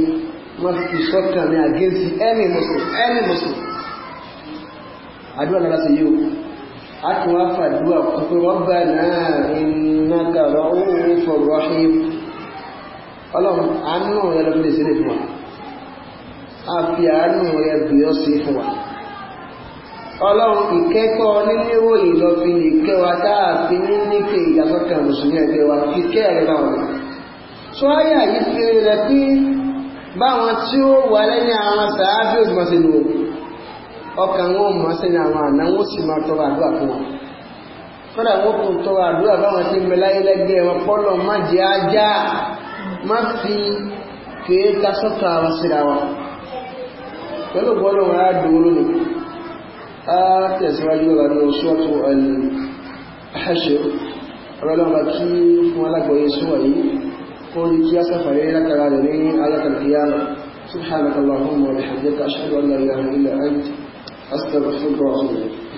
ما في سكة من أجنس أي مسلم أي مسلم أدوانا لا سيئو àtúnwá pàdúrà púpọ̀ rọ́bà náà ìnáka rọ́hùn fọ̀rọ̀ ṣíf ọlọ́run àánú rẹ̀ ló fi sílẹ̀ fún wa a fi àánú rẹ̀ bí ó sí fún wa ọlọ́run ìkẹ́kọ̀ọ́ níléwò ìlọ́fi lè kẹwa táàfi ní nípe ìdásọ́kà mùsùlùmí ẹgbẹ́ wa fi kẹ́ ọkàn wọn mọ̀ sí ní àwọn àná wọn sì máa tọrọ àdúrà fún wọn kódà wọn kò tọrọ àdúrà báwọn ti mẹ láyé lẹ́gbẹ̀ẹ́ wọn pọ́lọ̀ má jẹ́ ajá má fi kéèta sọ́tọ̀ àwọn síra wọn pẹ̀lú gbọ́dọ̀ wọn á dúró ni á tẹ̀síwájú lọ́wọ́ ní oṣù ọ̀tún ẹ̀lú àṣẹ ọlọ́lọ́wọ́ kí fún alágbọ̀yé sọ́wọ́ yìí kó ní kí á sáfàrí látara rẹ̀ ní alákàlùkìyàmà subhanakallahumma wa bihamdika ashhadu an la ilaha illa anta أستغفرك وأتوب إليك